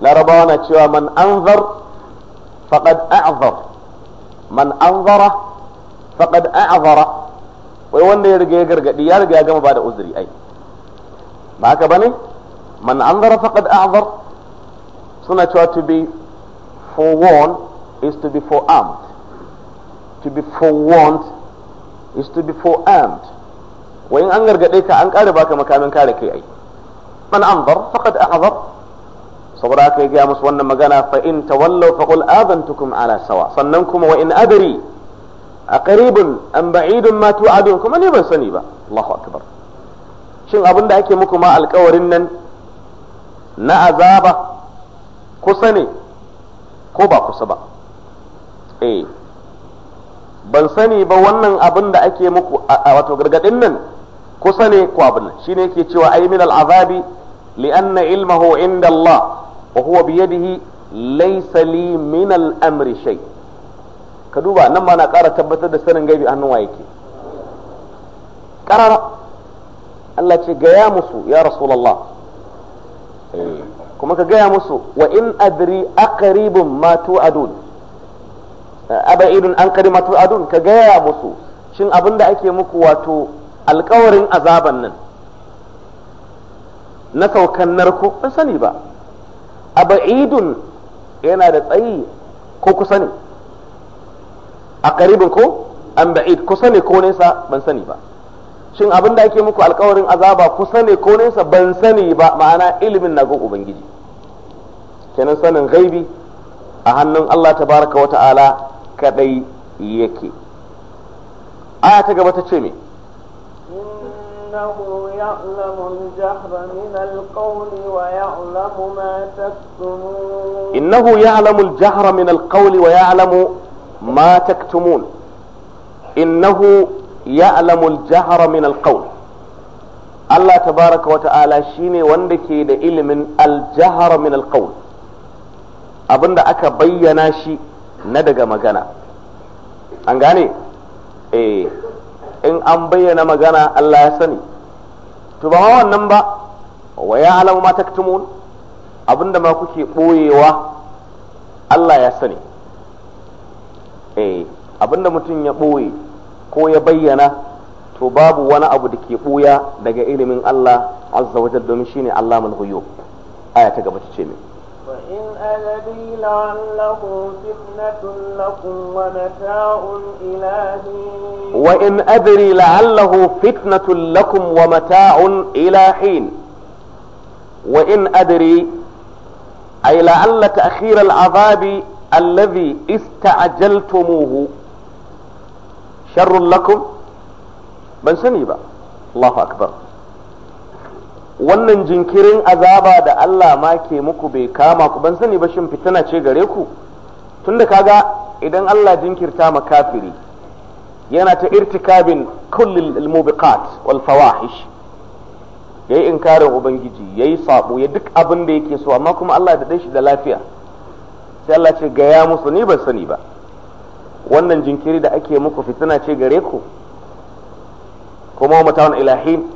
S2: larabawa na cewa man anzar faqad a'zar man anzara faqad a'zara wai wanda ya riga ya gargadi ya riga ya gama ba da uzuri ai ba haka bane man anzara faqad a'zar suna cewa to be forewarned is to be forearmed to be forewarned is to be forearmed wai in an gargade ka an kare baka makamin kare kai ai man anzar faqad a'zar saboda haka ya gaya musu wannan magana fa in tawallaw faqul adantukum ala sawa sannan kuma wa in adri a qaribun am ba'idun ma tu'adun kuma ne ban sani ba Allahu akbar shin abin da ake muku ma alƙawarin nan na azaba kusa ne ko ba kusa ba eh ban sani ba wannan abin da ake muku a wato gargadin nan kusa ne ko abin nan shine yake cewa ay min al'azabi li anna ilmahu inda Allah wa huwa bi yadihi laysa li min al'amri shay' ka duba nan ma na ƙara tabbatar da sanin gaibi hannun wa yake ƙarara Allah ce gaya musu ya rasulallah kuma ka gaya musu wa in adri aqribun ma tu'adun abaidun an matu tu'adun ka gaya musu shin abinda ake muku wato alƙawarin azaban nan na saukan narko ban sani ba abaidun yana da tsayi ko kusa ne a karibin ko an ba'id kusa ne ko nesa ban sani ba shin abin da ake muku alkawarin azaba kusa ne ko nesa ban sani ba ma'ana ilimin na gun ubangiji kenan sanin gaibi a hannun Allah tabaraka wa ta'ala kadai yake aya ta gaba ta ce me
S3: إنه يعلم الجهر من القول ويعلم ما تكتمون إنه
S2: min الجهر من القول ويعلم ma taktumun innahu ya'lamul jahra min alqawl Allah tabaraka wa ta'ala shine wanda ke da ilimin aljahar min alqawl abinda aka bayyana shi na daga magana an gane eh in an bayyana magana Allah ya sani to ba wannan ba wa ya'lamu ma taktumun abinda ma kuke boyewa Allah ya sani eh abinda mutum ya ɓoye ko ya bayyana to babu wani abu da ke ɓuya daga ilimin Allah azza wa domin shine Allah mul ghuyub aya ta gaba ta ce min
S3: وإن أدري لعله فتنة لكم ومتاع
S2: إلى حين وإن أدري لعله فتنة لكم ومتاع إلى حين وإن أدري أي لعل تأخير العذاب allazi ista'jaltumuhu sharrun lakum ban sani ba Allahu akbar wannan jinkirin azaba da Allah ma ke muku bai kama ku ban sani ba shin fitina ce gare ku tunda kaga idan Allah jinkirta makafiri yana ta irtikabin kullil mubiqat wal fawahish yayi inkarin ubangiji yayi sabo ya duk abin da yake so amma kuma Allah da shi da lafiya sai Allah ce ga ya musu ni ban sani ba wannan jinkiri da ake muku fitina ce gare ku kuma mutawan ilahin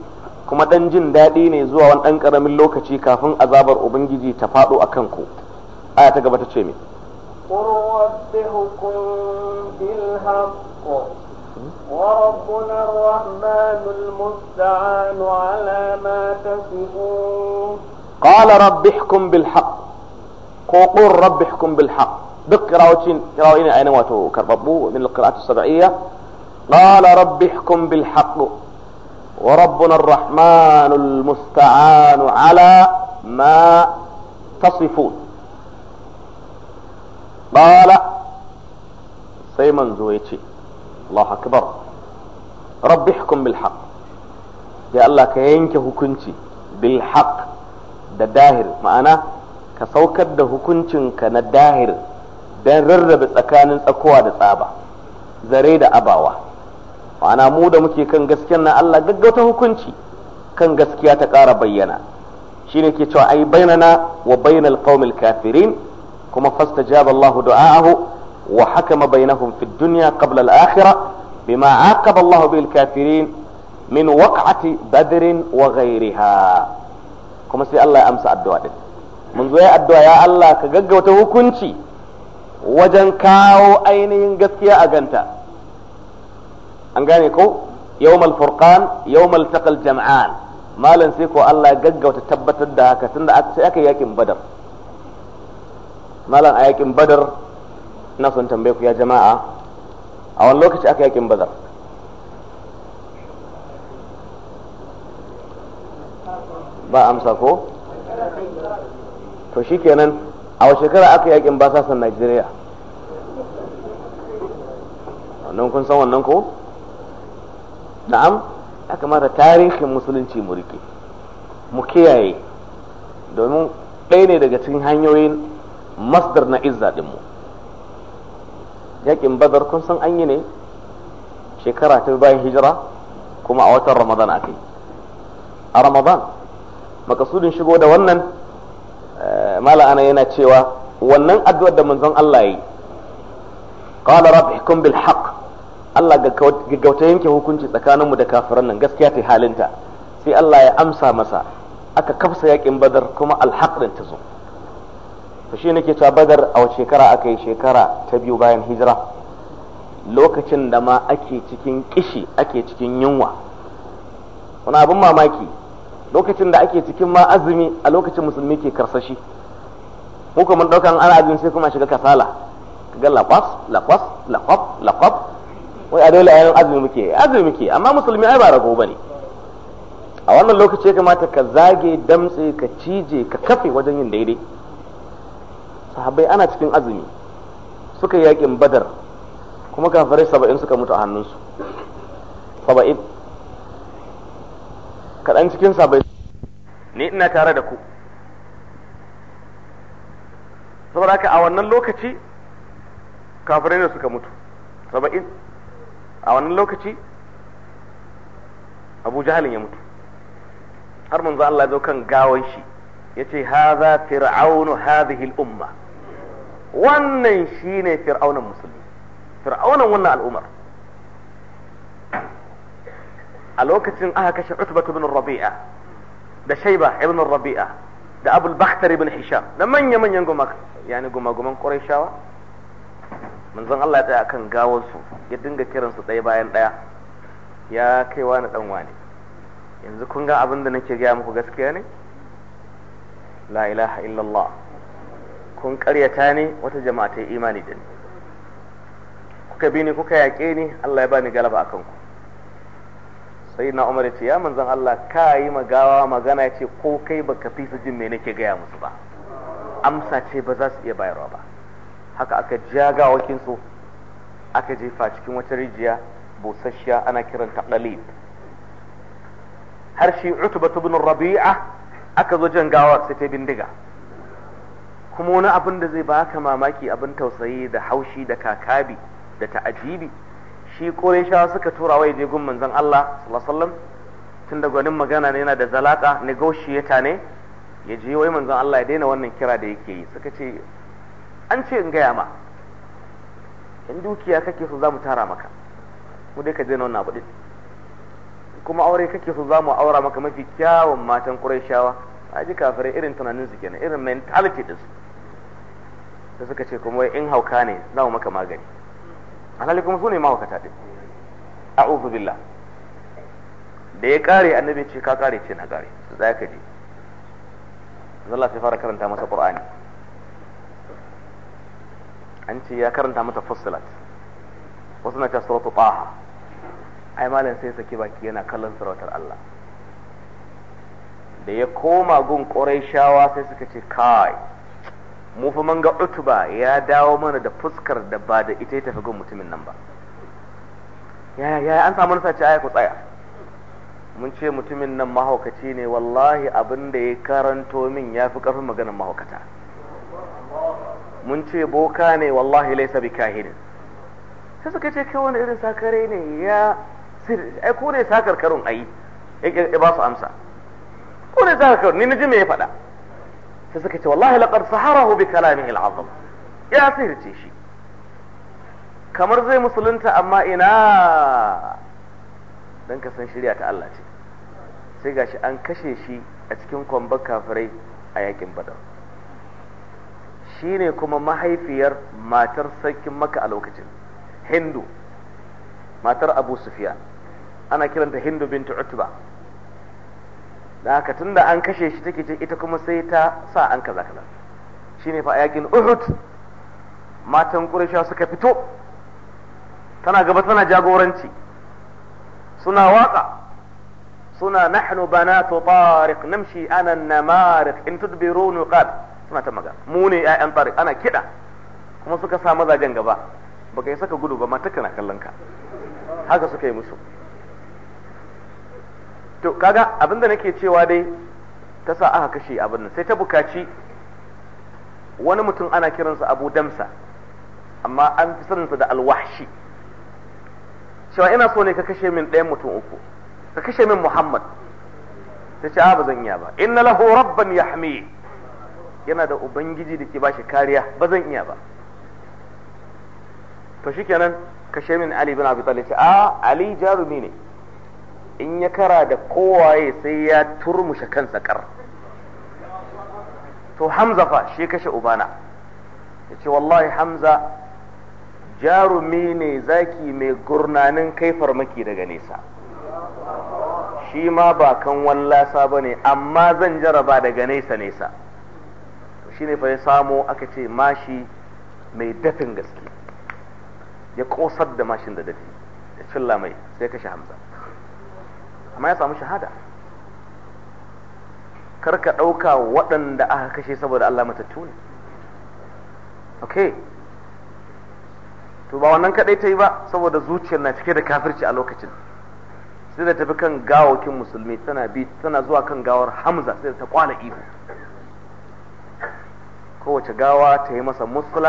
S2: kuma dan jin daɗi ne zuwa wani ɗan ƙaramin lokaci kafin azabar ubangiji ta faɗo a kanku aya ta gaba ta ce me
S3: وربنا الرحمن المستعان على ما تصفون
S2: قال رب احكم بالحق كوقول رب احكم بالحق دق قراءتين قراءين اين كربو من القراءات السبعية قال رب احكم بالحق وربنا الرحمن المستعان على ما تصفون قال سيمن زويتشي الله اكبر رب احكم بالحق يا الله كينك حكمتي بالحق ده داهر معناه ka saukar da hukuncinka na dahir don rarrabe tsakanin tsakowa da tsaba zare da abawa ma'ana mu da muke kan gaskiyar na Allah gaggauta hukunci kan gaskiya ta ƙara bayyana shine ke cewa ai bainana wa bainal qaumil kafirin kuma fastajaba Allah du'aahu wa hakama bainahum fid dunya qabla al-akhirah bima aqaba Allah bil kafirin min waq'ati badrin wa ghayriha kuma sai Allah ya amsa addu'a din mun zo ya addu'a ya Allah ka gaggauta hukunci wajen kawo ainihin gaskiya a ganta an gane ko yawmal furqan yawmal taqal jam'an malam sai ko Allah gaggauta tabbatar da haka tunda sai aka yakin badar malam a yakin badar na son tambaye ku ya jama'a a wani lokaci aka yakin badar ba amsa ko to kenan a wa shekara aka yakin basasan Najeriya wannan kun san wannan ko na'am ya kamata tarihin musulunci mu rike mu kiyaye domin ɗaya ne daga cikin hanyoyin masdar na izza mu yakin bazar kun san an yi ne shekara ta bayan hijira kuma a watan ramadan aka yi a ramadan makasudin shigo da wannan Eh, ana yana cewa wannan addu'ar da manzon Allah yi qala rabbi hukum bil haqq Allah gaggauta yanke hukunci tsakaninmu da kafiran nan gaskiya ta halinta sai Allah ya amsa masa aka kafsa yakin badar kuma alhaq din ta zo to shi nake cewa badar a wace shekara aka yi shekara ta biyu bayan hijira lokacin da ma ake cikin kishi ake cikin yunwa wani abin mamaki lokacin da ake cikin ma azumi a lokacin musulmi ke karsashi ko kuma daukan ana azumi sai kuma shiga kasala ga lakwas lakwas laqab laqab wai a dole ayin azumi muke azumi muke amma musulmi ai ba rago bane a wannan lokaci ya kamata ka zage damtse ka cije ka kafe wajen yin daidai sahabbai ana cikin azumi suka yakin badar kuma kafirai saba'in suka mutu a hannunsu saba'in kaɗan cikin sabai ni ina tare da ku saboda haka a wannan lokaci kafirai ne suka mutu saba'in a wannan lokaci abu jahalin ya mutu har manzo Allah ya zo kan gawan shi ya ce haza fir'aunu hadhihi al'umma wannan shine fir'aunan musulmi fir'aunan wannan al'ummar a lokacin aka kashe Utba ibn Rabi'a da Shayba ibn Rabi'a da Abu Bakhtar ibn Hisham da manya-manyan goma yani goma-goman Qurayshawa manzon Allah ya tsaya kan gawar su ya dinga kiran su ɗaya bayan ɗaya ya kai wani dan wani yanzu kun ga abin da nake gaya muku gaskiya ne la ilaha illallah kun karyata ne wata jama'a ta imani din kuka bi ni kuka yaƙe ni Allah ya bani galaba akan ku sai na umar ce ya manzan Allah ka yi magawa magana ce ko kai baka fi su jin me nake gaya musu ba amsa ce ba za su iya bayarwa ba haka aka ja gawakin su aka jefa cikin wata rijiya busasshiya ana kiranta dalib har shi utbatu ibn rabi'a aka zo jan gawa sai ta bindiga kuma wani abin da zai baka mamaki abin tausayi da haushi da kakabi da ta'ajibi shi Qurayshawa suka tura wai je gun manzon Allah sallallahu alaihi wasallam tunda gwanin magana ne yana da zalaka negotiator ne ya je wai manzon Allah ya daina wannan kira da yake yi suka ce an ce in gaya ma in dukiya kake so za mu tara maka mu dai ka je na wannan abu kuma aure kake so za mu aura maka mafi kyawun matan Qurayshawa a ji kafirai irin tunanin su kenan irin mentality din su suka ce kuma wai in hauka ne za mu maka magani alhali kuma su ne mahaukata ɗin a'udhu billah da ya ƙare annabi ce ka ƙare ce na ƙare. za ka je zalla sai fara karanta masa ƙur'ani. an ce ya karanta masa fussilat wasu na ta suratu taha ai malam sai saki baki yana kallon sarautar Allah da ya koma gun ƙorai shawa sai suka ce kai mu fa mun ga utuba ya dawo mana da fuskar da ba da ita ya tafi gun mutumin nan ba ya ya an samu nasa ce aya ku tsaya mun ce mutumin nan mahaukaci ne wallahi abin da ya karanto min ya fi ƙarfin maganar mahaukata mun ce boka ne wallahi laisa bi kahinin
S3: sai suka ce kai wani irin sakare ne ya
S2: ai ko ne sakar karun ayi ya ba su amsa ko ne sakar ni na ji me ya faɗa sai suka ce wallahi laqad saharahu bi kalamihi al'azim ya sihirce shi kamar zai musulunta amma ina dan ka san shirya ta Allah ce sai gashi an kashe shi a cikin kwamba kafirai a yakin badar shine kuma mahaifiyar matar sarkin maka a lokacin hindu matar abu sufiya ana kiranta hindu bintu utba da haka da an kashe shi take ce ita kuma sai ta sa an kaza kaza shine fa yakin Uhud matan Qurayshawa suka fito tana gaba tana jagoranci suna waka suna nahnu banatu tariq namshi ana namarik in tudbiru nuqab suna ta magana mu ne ƴaƴan tariq ana kida kuma suka sa mazajen gaba baka yi saka gudu ba mata kana kallon ka haka suka yi musu to kaga abin da nake cewa dai ta sa aka kashe abin nan sai ta bukaci wani mutum ana kiransa abu damsa amma an fi saninsa da alwashi cewa ina so ne ka kashe min ɗayan mutum uku ka kashe min muhammad ta ce a ba zan iya ba inna lahu rabban yahmi yana da ubangiji da ke ba shi kariya ba zan iya ba to shikenan kashe min ali bin abi talib a ali jarumi ne in ya kara da kowaye sai ya turmushe kansa kar to hamza fa shi kashe ubana ya ce wallahi hamza jarumi ne zaki mai gurnanin kai farmaki daga nesa shi ma ba kan wallasa ba ne amma zan jaraba daga nesa nesa shi ne fa ya samo aka ce mashi mai dafin gaske ya kosar da mashin da dafi ya cilla mai sai kashe hamza amma ya samu shahada kar ka ɗauka waɗanda aka kashe saboda Allah matattu ne okay to ba wannan kaɗai ta yi ba saboda zuciyar na cike da kafirci a lokacin sai da tafi kan gawokin musulmi tana bi tana zuwa kan gawar hamza sai da ta kwana ihu kowace gawa ta yi masa muskula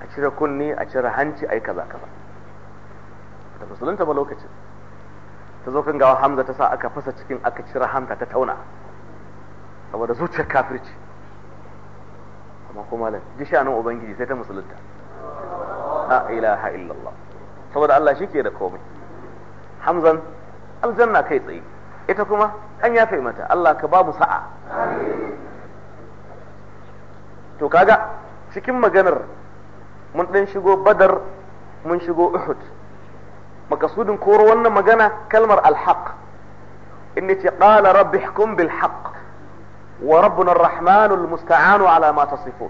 S2: a cire kunni a cire hanci a yi kaza kaza ta musulunta ba lokacin ta zo kan gawa hamza ta sa aka fasa cikin aka cira hamza ta tauna saboda zuciyar kafirci amma kuma lan gishanin ubangiji sai ta musulunta la ilaha illallah saboda Allah shi ke da komai hamzan aljanna kai tsaye ita kuma an yafe mata Allah ka ba mu sa'a to kaga cikin maganar mun dan shigo badar mun shigo uhud makasudin koro wannan magana kalmar alhaq in ce qala rabbi hukum bil haqq wa rabbuna rahmanul musta'anu ala mata tasifun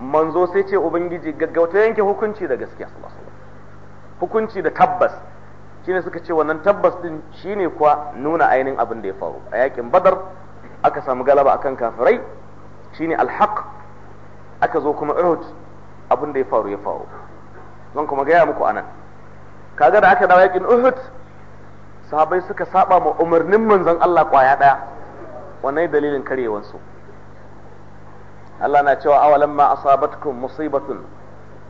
S2: manzo sai ce ubangiji gaggauta yanke hukunci da gaskiya hukunci da tabbas shine suka ce wannan tabbas din shine kuwa nuna ainihin abin da ya faru a yakin badar aka samu galaba akan kafirai shine alhaq aka zo kuma uhud abin da ya faru ya faru zan kuma gaya muku anan kaga da aka dawo yakin Uhud sahabbai suka saba ma umarnin manzon Allah kwaya daya wannan dalilin karyewansu? su Allah na cewa ma asabatkum musibatun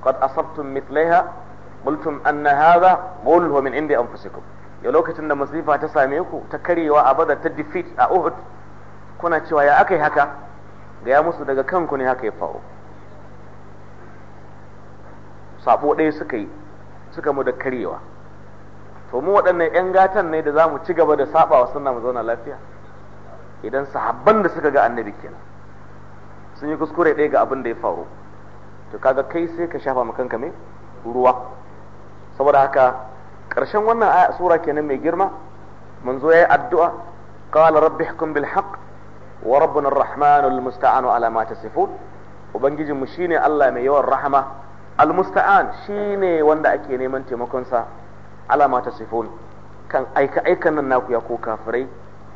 S2: qad asabtum mithlaha qultum anna hadha qul huwa min indi anfusikum ya lokacin da masifa ta same ku ta karyewa a bada ta defeat a Uhud kuna cewa ya akai haka ga ya musu daga kanku ne haka ya faru sabo ɗaya suka yi suka mu da karyewa to mu waɗannan 'yan gatan ne da za mu ci gaba da saɓawa suna mu zauna lafiya idan sahabban da suka ga annabi kenan sun yi kuskure ɗaya ga abin da ya faru to kaga kai sai ka shafa ma kanka mai ruwa saboda haka ƙarshen wannan aya sura kenan mai girma mun manzo yayi addu'a qala rabbi hukum bil haqq wa rabbuna ar-rahmanul musta'anu ala ma tasifun ubangijinmu shine Allah mai yawan rahama almusta'an shine wanda ake neman taimakonsa alama ta sifon kan aika aikan nan nakuya ya ko kafirai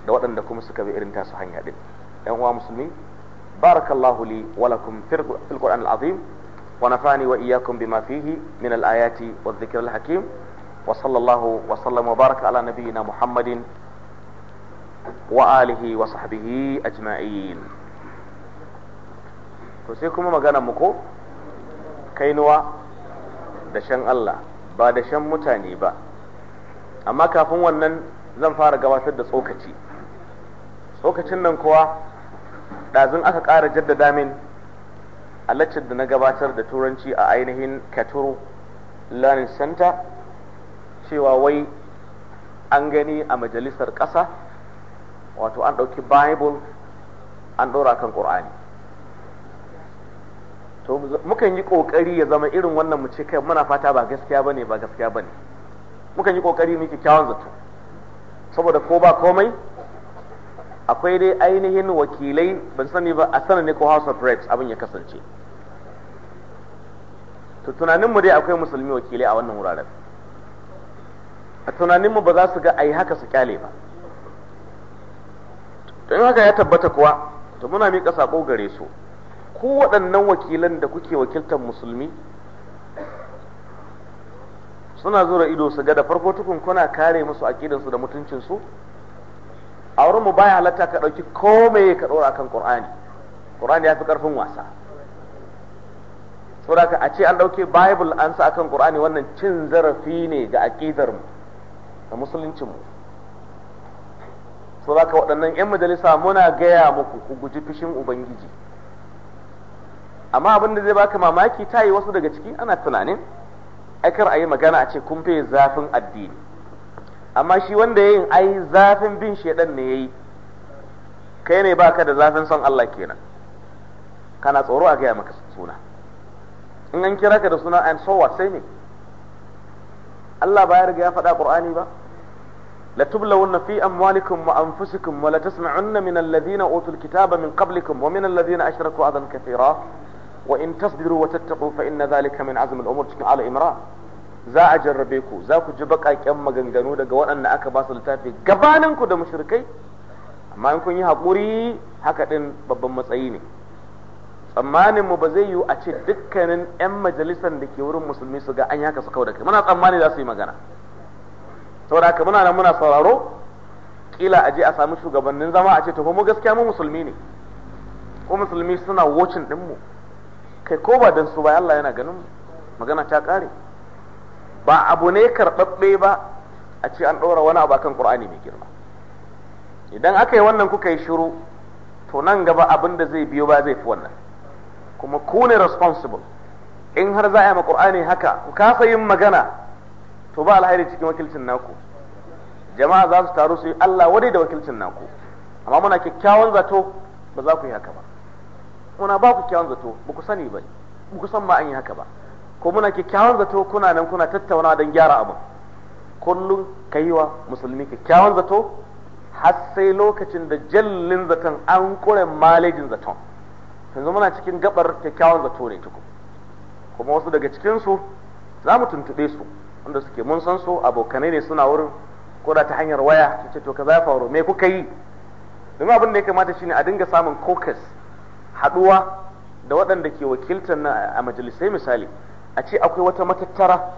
S2: da waɗanda kuma suka bi irin tasu hanya din yan uwa musulmi barakallahu li wa lakum fil qur'an al-azim wa nafani wa iyyakum bima fihi min al-ayati wa dhikr hakim wa sallallahu wa sallama wa baraka ala nabiyyina muhammadin wa alihi wa sahbihi ajma'in to sai kuma magana mu ko kainuwa da shan Allah ba da shan mutane ba amma kafin wannan zan fara gabatar da tsokaci tsokacin nan kuwa ɗazun aka ƙara jaddada min a laccar da na gabatar da turanci a ainihin katuru learning center cewa wai an gani a majalisar ƙasa wato an ɗauki bible an ɗora kan ƙur'ani to mukan yi kokari ya zama irin wannan mu ce kai muna fata ba gaskiya bane ba gaskiya bane mukan yi kokari mu kyakkyawan zato saboda ko ba komai akwai dai ainihin wakilai ban sani ba a sanar ne ko house of reps abin ya kasance to tunaninmu dai akwai musulmi wakilai a wannan wuraren a tunaninmu ba za su ga a yi haka su kyale ba to in haka ya tabbata kuwa to muna miƙa sako gare su ku waɗannan wakilan da kuke wakiltar musulmi suna zura ido su ga da farko tukun kuna kare musu aƙidansu da mutuncinsu a wurin mu baya halatta ka ɗauki komai ka ɗora akan ƙur'ani ƙur'ani ya fi ƙarfin wasa saboda a ce an ɗauke bible an sa akan ƙur'ani wannan cin zarafi ne ga aƙidar mu da musuluncin mu saboda waɗannan 'yan majalisa muna gaya muku ku guji fushin ubangiji amma abin da zai baka mamaki ta yi wasu daga ciki ana tunanin aikar a yi magana a ce kun fi zafin addini amma shi wanda yayin ai zafin bin shedan ne yayi kai ne baka da zafin son Allah kenan kana tsoro a gaya maka suna in an kira ka da suna an so sai ne Allah ba ya riga ya faɗa Qur'ani ba la fi anfusikum wa la tasma'unna min alladhina utul kitaba min wa wa min alladhina ashraku adan كثيرا wa in tasbiru wa tattaqu fa inna zalika min azm al-umur cikin ala imran za a jarrabe ku za ku ji baƙaƙen maganganu daga waɗanda aka ba su littafi gabanin ku da mushrikai amma in kun yi hakuri haka ɗin babban matsayi ne tsammanin mu ba zai yiwu a ce dukkanin 'yan majalisar da ke wurin musulmi su ga an yaka su kawo da kai muna tsammani za su yi magana saboda haka muna nan muna sauraro kila a je a sami shugabannin zama a ce to mu gaskiya mu musulmi ne ko musulmi suna wocin ɗinmu mu kai ko ba dan su ba Allah yana ganin magana ta kare ba abu ne karɓaɓɓe ba a ce an ɗora wani abu akan Qur'ani mai girma idan aka yi wannan kuka yi shiru to nan gaba abin da zai biyo ba zai fi wannan kuma ku ne responsible in har za a yi ma Qur'ani haka ku kasa yin magana to ba alhairi cikin wakilcin naku jama'a za su taru su yi Allah wadai da wakilcin naku amma muna kyakkyawan zato ba za ku yi haka ba kuna ba ku kyawun zato ba ku sani ba ba ku san ma an yi haka ba ko muna kyakkyawan zato kuna nan kuna tattauna don gyara abin kullum ka yi wa musulmi kyakkyawan zato har sai lokacin da jallin zaton an kure malejin zaton yanzu muna cikin gabar kyakkyawan zato ne tuku kuma wasu daga cikinsu za mu tuntube su wanda suke mun san su abokanai ne suna wurin ko da ta hanyar waya ce to ka za faru me kuka yi domin abin da ya kamata shine a dinga samun caucus haɗuwa da waɗanda ke wakiltar na a majalisai misali a ce akwai wata matattara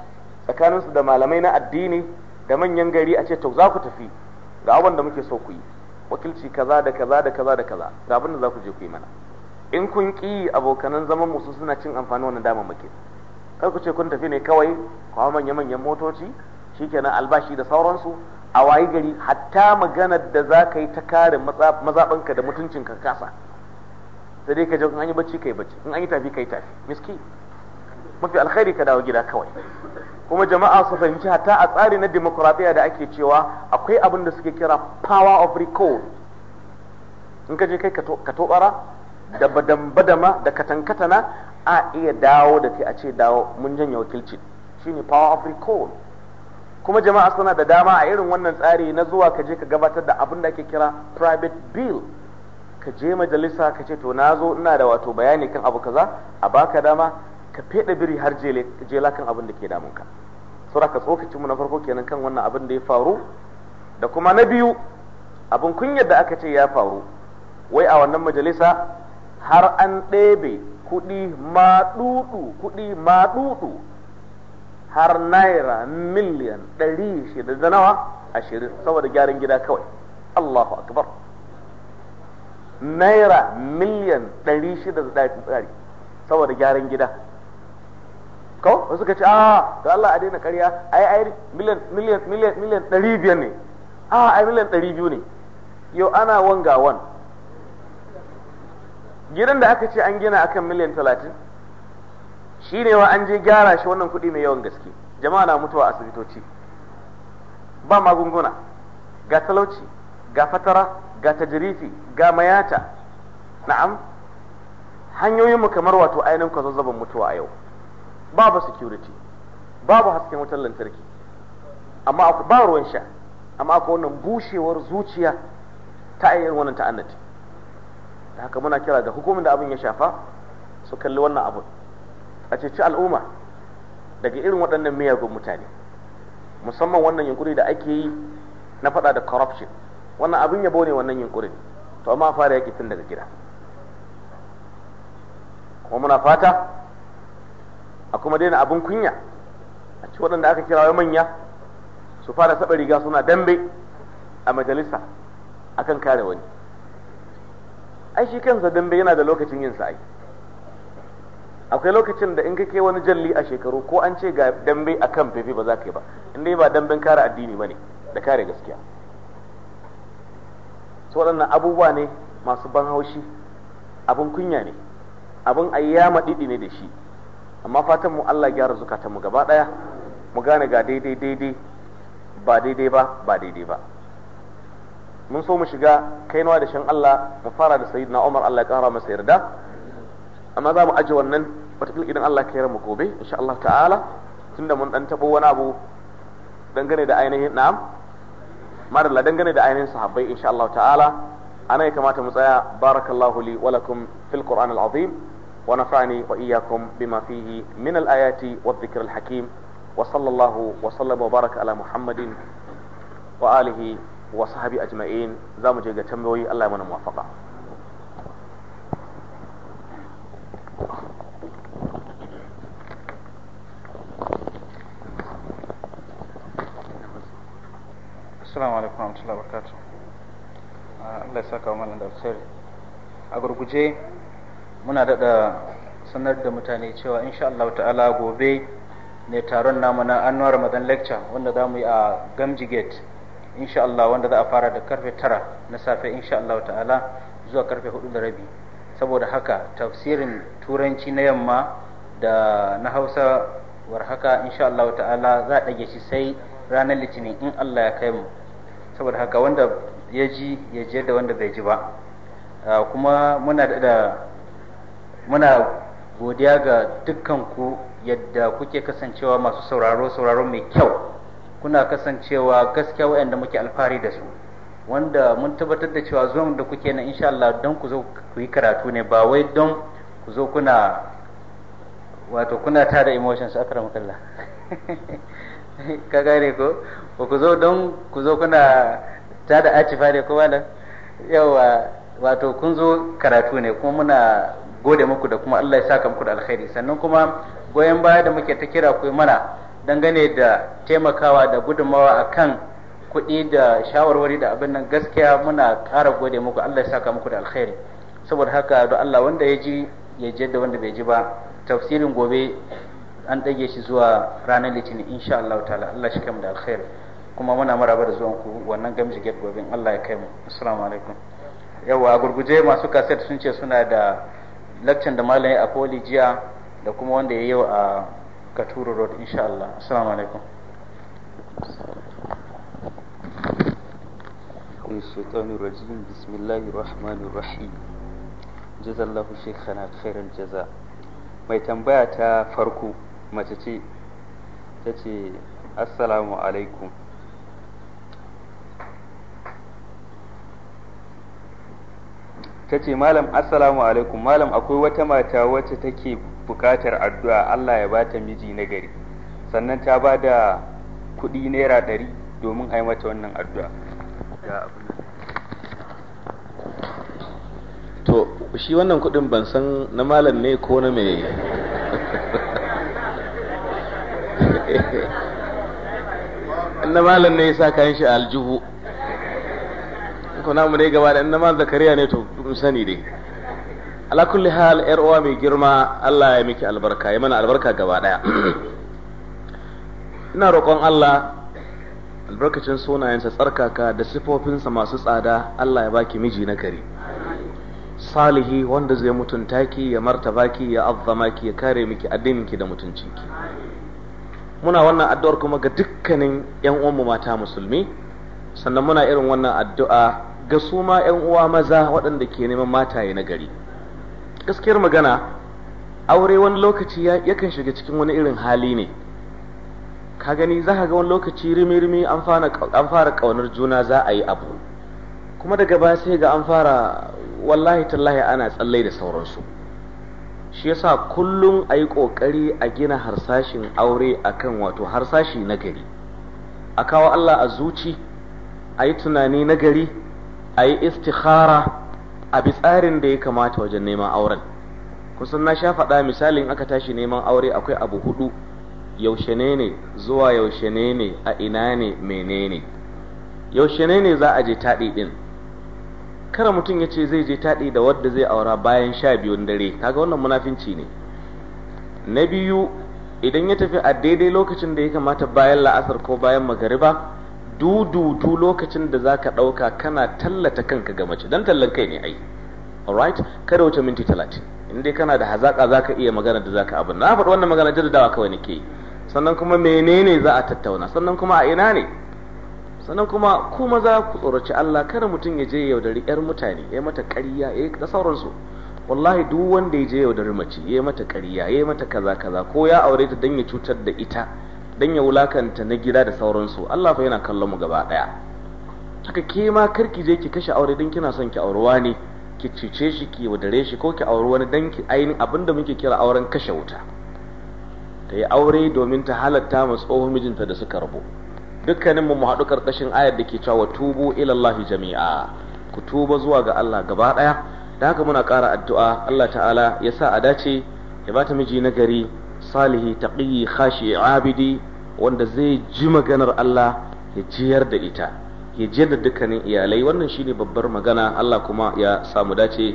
S2: tsakaninsu da malamai na addini da manyan gari a ce to za ku tafi ga abin da muke so ku yi wakilci kaza da kaza da kaza da kaza ga abin da za ku je ku yi mana in kun ki abokanan zaman musu suna cin amfani wannan muke kar ku ce kun tafi ne kawai kawo manya-manyan motoci shikenan albashi da sauransu a wayi gari hatta maganar da za ta kare mazaɓanka da mutuncinka kasa sai dai ka je in an yi bacci kai bacci in an yi tafi kai tafi miski mafi alkhairi ka dawo gida kawai kuma jama'a su fahimci hatta a tsari na demokradiyya da ake cewa akwai abin da suke kira power of recall in ka je kai ka tobara da badama da katankatana a iya dawo da kai a ce dawo mun janye wakilci shine power of recall kuma jama'a suna da dama a irin wannan tsari na zuwa ka je ka gabatar da abin da ake kira private bill ka je majalisa ka ce to na zo ina da wato bayani kan abu kaza a baka dama ka fede biri har jela kan abin da ke damunka saura ka tsokacin mu na farko kenan kan wannan abin da ya faru da kuma na biyu abin kunyar da aka ce ya faru wai a wannan majalisa har an ɗebe kuɗi maɗuɗu kuɗi maɗuɗu har naira miliyan ɗari shida da nawa ashirin saboda gyaran gida kawai allahu akbar naira miliyan 600 saboda gyaran gida ko wasu suka ce a da Allah a daina ƙarya ai ai miliyan miliyan miliyan miliyan 500 ne a ai miliyan 200 ne yau ana wanga wan gidan da aka ce an gina akan miliyan 30 shi wa an je gyara shi wannan kuɗi mai yawan gaske jama'a na mutuwa asibitoci ba magunguna ga talauci ga fatara ga tajrifi ga mayata na'am hanyoyin mu kamar wato ainihin zazzabin mutuwa a yau babu security babu hasken wutar lantarki amma ba ruwan sha amma akwai wannan bushewar zuciya ta irin wannan ta'annati da haka muna kira ga hukumin da abin ya shafa su kalli wannan abun a ceci al'umma daga irin waɗannan miyagun mutane musamman wannan yunkuri da ake yi na faɗa da corruption wannan abin yabo ne wannan yunkurin to amma fara yaki tun daga gida kuma muna fata a kuma daina abin kunya a ci waɗanda aka kira manya su fara saba riga suna dambe a majalisa akan kare wani ai shi kansa dambe yana da lokacin yin sa'ai akwai lokacin da in kake wani jalli a shekaru ko an ce ga dambe akan fefe ba za ka yi ba inda dai ba damben kare addini ba ne da kare gaskiya su waɗannan abubuwa ne masu ban haushi abin kunya ne abin ayyama ɗiɗi ne da shi amma fatan mu Allah gyara zukatan mu gaba ɗaya mu gane ga daidai daidai ba daidai ba ba daidai ba mun so mu shiga nawa da shan Allah mu fara da sayyidina Umar Allah ya kara masa yarda amma za mu aje wannan wataƙila idan Allah ya mu gobe insha Allah ta'ala tunda mun ɗan taɓo wani abu dangane da ainihin na'am mara la dangane da ainihin sahabai insha Allah ta'ala ana ya kamata mu tsaya barakallahu li wa lakum fil qur'an al azim wa nafa'ani wa iyyakum bima fihi min al ayati wa dhikr al hakim wa sallallahu wa sallama wa baraka ala muhammadin wa alihi wa sahabi ajma'in za mu je ga tambayoyi Allah ya mana
S4: assalamu alaikum wa ah, Allah ya saka wa da a gurguje muna daɗa sanar da mutane cewa insha Allah ta'ala gobe ne taron namu na annuwar Ramadan lecture wanda za mu yi a Gamji Gate insha Allah wanda za a fara da karfe tara na safe insha Allah ta'ala zuwa karfe hudu da rabi saboda haka tafsirin turanci na yamma da na Hausa war haka insha Allah ta'ala za a ɗage shi sai ranar litinin in Allah ya kai mu saboda haka wanda ya ji ya je da wanda bai ji ba ah, kuma muna da muna godiya ga dukkan ku yadda kuke kasancewa masu sauraro sauraro mai kyau kuna kasancewa gaskiya waɗanda muke alfahari da su wanda mun tabbatar da cewa zuwan da kuke na insha Allah don ku zo ku yi karatu ne ba wai don ku zo kuna wato kuna tada emotions akramaka ka gane ko ba ku zo don ku zo kuna ta da atifa ne kowa da yawa wato kun zo karatu ne kuma muna gode muku da kuma Allah ya saka muku da alkhairi sannan kuma goyon baya da muke ta kira ku mana dangane da taimakawa da gudummawa a kan kuɗi da shawarwari da abin nan gaskiya muna ƙara gode muku Allah ya saka muku da alkhairi saboda haka da Allah wanda ya ji ya je da wanda bai ji ba tafsirin gobe an ɗage shi zuwa ranar litinin insha Allah ta'ala Allah shi mu da alkhairi kuma muna maraba da zuwan ku wannan gamji gate gobin Allah ya kai mu assalamu alaikum yawa a gurguje masu kaset sun ce suna da lakcin da malam ya poli jiya da kuma wanda ya yi a katuru road insha Allah assalamu alaikum من الشيطان الرجيم بسم الله
S5: الرحمن الرحيم جزا الله شيخنا خير الجزاء mai tambaya ta farko mace ce ta ce assalamu alaikum ta ce malam assalamu alaikum malam akwai wata mata wacce take bukatar addu'a Allah ya bata miji na gari sannan ta ba da kuɗi naira ɗari domin a yi mata wannan addu'a
S2: to shi wannan kuɗin ban san na malam ne ko na mai na malam ne ya sa kayan shi aljihu ko namu ne gaba da inda ma zakariya ne to kun sani dai ala kulli hal yar uwa mai girma Allah ya miki albarka ya mana albarka gaba daya ina roƙon Allah albarkacin sunayensa tsarkaka da sifofinsa masu tsada Allah ya baki miji na gari. salihi wanda zai mutunta ki ya martaba ki ya azzama ki ya kare miki addinin ki da ki. muna wannan addu'ar kuma ga dukkanin 'yan uwanmu mata musulmi sannan muna irin wannan addu'a ga su ma 'yan uwa maza waɗanda ke neman mataye na gari gaskiyar magana aure wani lokaci yakan shiga cikin wani irin hali ne ka gani za ka ga wani lokaci rimi-rimi an fara ƙaunar juna za a yi abu kuma daga baya sai ga an fara wallahi tallahi ana tsallai da sauransu shi yasa kullum a yi ƙoƙari a gina harsashin aure akan wato harsashi nagari. a kawo Allah a zuci a yi tunani nagari. a yi istikhara a bi tsarin da ya kamata wajen neman auren kusan na sha faɗa misalin aka tashi neman aure akwai abu hudu yaushe ne ne zuwa yaushe ne ne a ina ne menene yaushe ne ne za a je taɗi ɗin kara mutum ya ce zai je taɗi da wadda zai aura bayan sha biyun dare kaga wannan munafinci ne na biyu idan ya tafi a daidai lokacin da ya kamata bayan la'asar ko bayan magariba dududu lokacin da zaka ɗauka kana tallata kanka ga mace dan tallan kai ne ai alright kada wuce minti talatin in kana da hazaka zaka iya magana da zaka abin na faɗi wannan magana jaddadawa kawai nake yi sannan kuma menene za a tattauna sannan kuma a ina ne sannan kuma ku maza ku tsoraci Allah kada mutum ya je yaudari yar mutane ya mata ƙarya ya da sauransu wallahi duk wanda ya je yaudari mace ya mata ƙarya ya mata kaza kaza ko ya aure ta dan ya cutar da ita dan ya wulakanta na gida da sauransu Allah fa yana kallon mu gaba daya haka ke ma karki je ki kashe aure dan kina son ki auri wani ki cice shi ki wadare shi ko ki auri wani dan ki ainihin abinda muke kira auren kashe wuta ta yi aure domin ta halatta ma tsohon mijinta da suka rabu dukkanin mu mu haɗu karkashin ayar da ke cewa tubu ilallahi jami'a ku tuba zuwa ga Allah gaba ɗaya da haka muna ƙara addu'a Allah ta'ala ya sa a dace ya bata miji na gari salihi taqi khashi abidi wanda zai ji maganar Allah ya jiyar da ita ya jiyar da dukkanin iyalai wannan shine babbar magana Allah kuma ya samu dace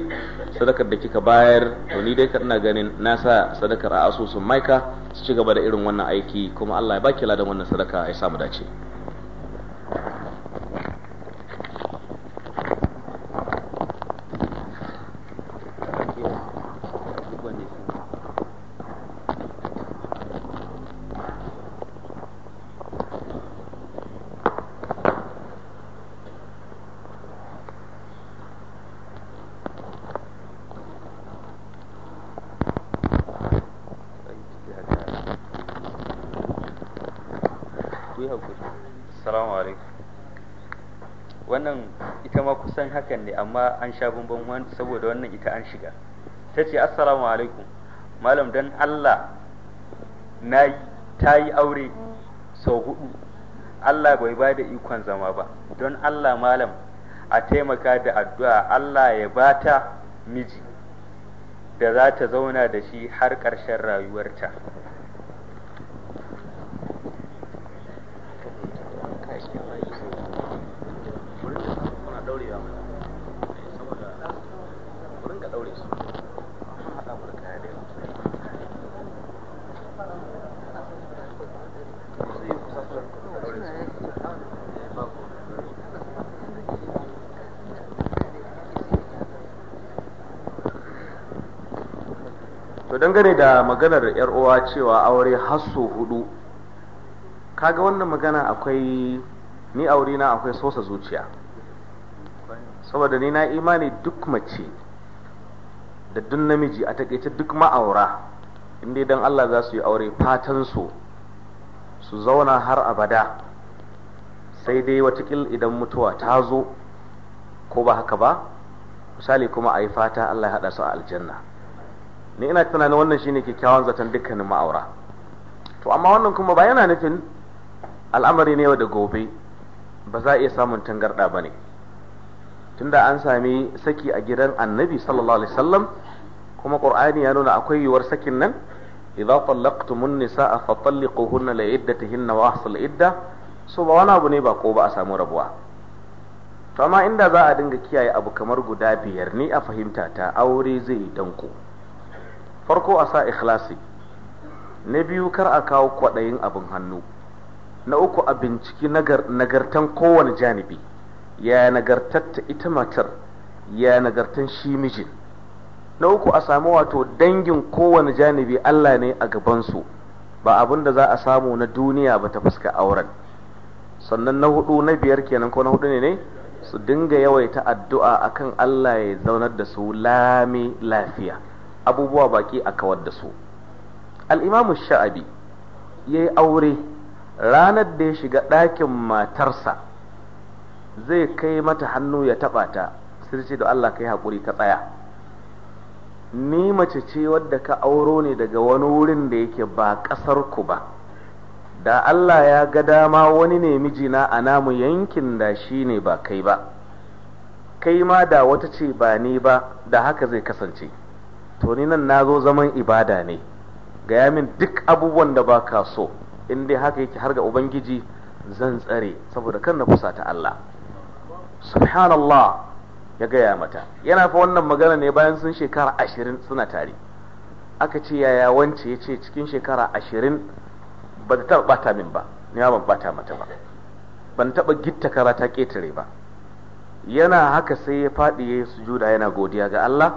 S2: sadakar da kika bayar to ni dai ina ganin na sa sadakar a asusun maika su ci gaba da irin wannan aiki kuma Allah ya baki ladan wannan sadaka ya samu dace
S5: an sha bamban saboda wannan ita an shiga ta ce assalamu alaikum malam don Allah na ta yi aure sau hudu Allah bai ba da ikon zama ba don Allah malam a taimaka da addu'a Allah ya ba ta miji da za ta zauna da shi har ƙarshen rayuwarta
S2: dangane da maganar yar uwa cewa aure hasso hudu kaga wannan magana akwai ni aure na akwai sosa zuciya saboda ni na imani duk mace da duk namiji a takaice duk ma'aura inda dan Allah za su yi aure fatan su su zauna har abada sai dai watakil idan mutuwa ta zo ko ba haka ba misali kuma a yi fata Allah ya haɗa su a aljanna ne ina tunanin wannan shine kyakkyawan zaton dukkanin ma'aura to amma wannan kuma ba yana nufin al'amari ne da gobe ba za a iya samun tangarda ba ne tunda an sami saki a gidan annabi sallallahu alaihi wasallam kuma qur'ani ya nuna akwai yiwuwar sakin nan idza tallaqtumun nisaa fa talliquhunna li iddatihinna wa ahsul idda so ba wani abu ne ba ko ba a samu rabuwa to amma inda za a dinga kiyaye abu kamar guda biyar ni a fahimta ta aure zai danko farko a sa ikhlasi na biyu kar a kawo kwaɗayin abin hannu na uku a binciki nagartan kowane janibi ya nagartatta ita matar ya nagartan shi mijin na uku a samu wato dangin kowane janibi Allah ne a gabansu ba abin da za a samu na duniya ba ta fuska auren sannan na hudu na biyar kenan ko na hudu ne ne su dinga yawaita addu'a akan Allah ya zaunar da su lami lafiya abubuwa baki a kawar da su al'imamu sha'abi ya yi aure ranar da ya shiga ɗakin matarsa zai kai mata hannu ya taɓa ta sirce ce da Allah kai haƙuri ta tsaya ni mace ce wadda ka auro ne daga wani wurin da yake ba ƙasar ku ba da Allah ya ga dama wani ne mijina a namu yankin da shi ne ba kai ba kai ma da wata ce ba ni ba da haka zai kasance to ni nan nazo zaman ibada ne gaya min duk abubuwan da baka so in dai haka yake har ga ubangiji zan tsare saboda kan na ta Allah subhanallah ya gaya mata yana fa wannan magana ne bayan sun shekara ashirin suna tare aka ce yaya wance ya ce cikin shekara ashirin ba ta taɓa bata min ba ni ban bata mata ba ban taɓa gitta kara ta ba yana haka sai ya faɗi ya yi sujuda yana godiya ga Allah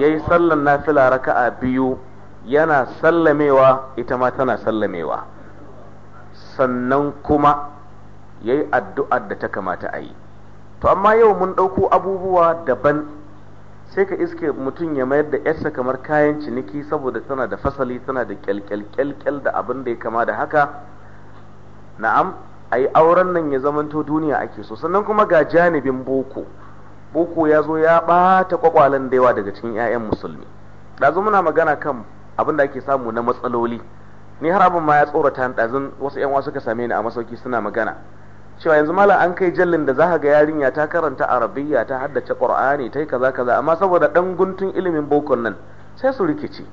S2: yayi sallan nafila raka'a biyu yana sallamewa ita ma tana sallamewa sannan kuma ya yi addu'ar da ta kamata a yi to amma yau mun ɗauko abubuwa daban sai ka iske mutum ya mayar da yarsa kamar kayan ciniki saboda tana da fasali tana da kyalkyalkyalkyal da abin da ya kama da haka na'am a yi auren nan ya zamanto duniya ake so sannan kuma ga janibin boko boko ya zo ya ɓata kwakwalen da yawa daga cikin 'ya'yan musulmi ɗazu muna magana kan abin da ake samu na matsaloli ni har abin ma ya tsorata ɗazun wasu 'yan suka same ni a masauki suna magana cewa yanzu malam an kai jallin da za ga yarinya ta karanta arabiyya ta haddace qur'ani ta yi kaza kaza amma saboda ɗan guntun ilimin bokon nan sai su rikice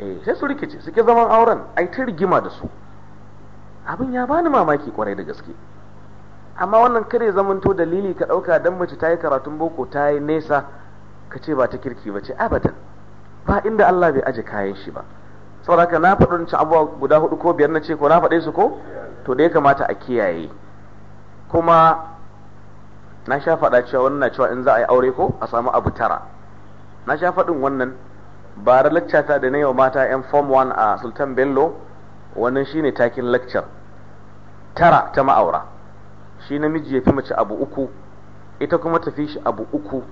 S2: eh sai su rikice suke zaman auren ai ta rigima da su abin ya bani mamaki kwarai da gaske amma wannan kare zamanto dalili ka ɗauka don mace ta yi karatun boko ta yi nesa ka ce ba ta kirki ba ce abadan ba inda Allah bai aje kayan shi ba saboda haka na faɗin ci abubuwa guda hudu ko biyar na ce ko na faɗe su ko to da ya kamata a kiyaye kuma na sha faɗa cewa wannan na cewa in za a yi aure ko a samu abu tara na sha faɗin wannan ba da lakcata da na yau mata yan form 1 a sultan bello wannan shine takin lakcar tara ta ma'aura shi namiji ya fi mace abu uku ita kuma tafi shi abu uku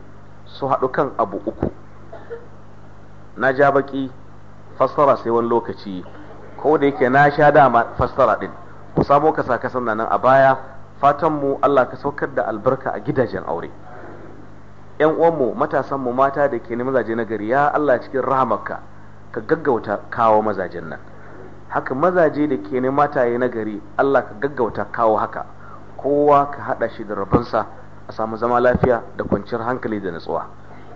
S2: su haɗu kan abu uku na ja baki fassara sai wani lokaci ko da yake na sha dama fassara ɗin ku samo kasa kasan nan a baya fatan mu Allah ka saukar da albarka a gidajen aure yan uwanmu matasan mu mata da ke mazaje na gari ya Allah cikin rahamarka ka gaggauta kawo mazajen nan haka mazaje da ke ne mataye na gari Allah ka gaggauta kawo haka kowa ka haɗa shi da rabansa a samu zama lafiya da kwanciyar hankali da nutsuwa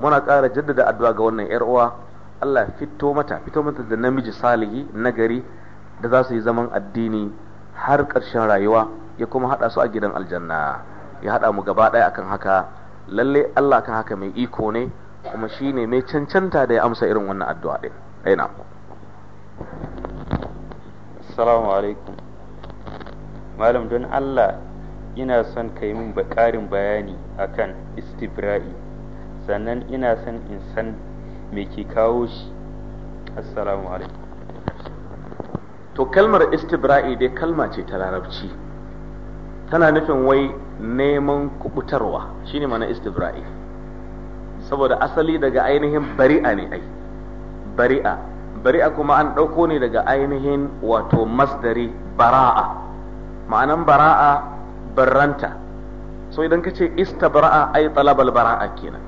S2: muna ƙara jaddada addu'a ga wannan yar uwa Allah fito mata fito mata da namiji salihi nagari da za su yi zaman addini har ƙarshen rayuwa ya kuma haɗa su a gidan aljanna ya haɗa mu gaba ɗaya akan haka lalle Allah kan haka mai iko ne kuma shi mai cancanta da ya amsa irin wannan addu'a ɗin aina.
S5: assalamu alaikum malam don Allah ina son ka yi min ƙarin bayani a kan istibra'i sannan ina son in san me ke kawo shi assalamu
S2: alaikum to kalmar istibra'i dai kalma ce ta larabci tana nufin wai neman kubutarwa shine mana istibra'i saboda asali daga ainihin bari'a ne ai bari'a bari'a kuma an ɗauko ne daga ainihin wato masdari bara'a ma'anan bara'a barranta so idan ka ce istabra'a ai talabal bara'a kenan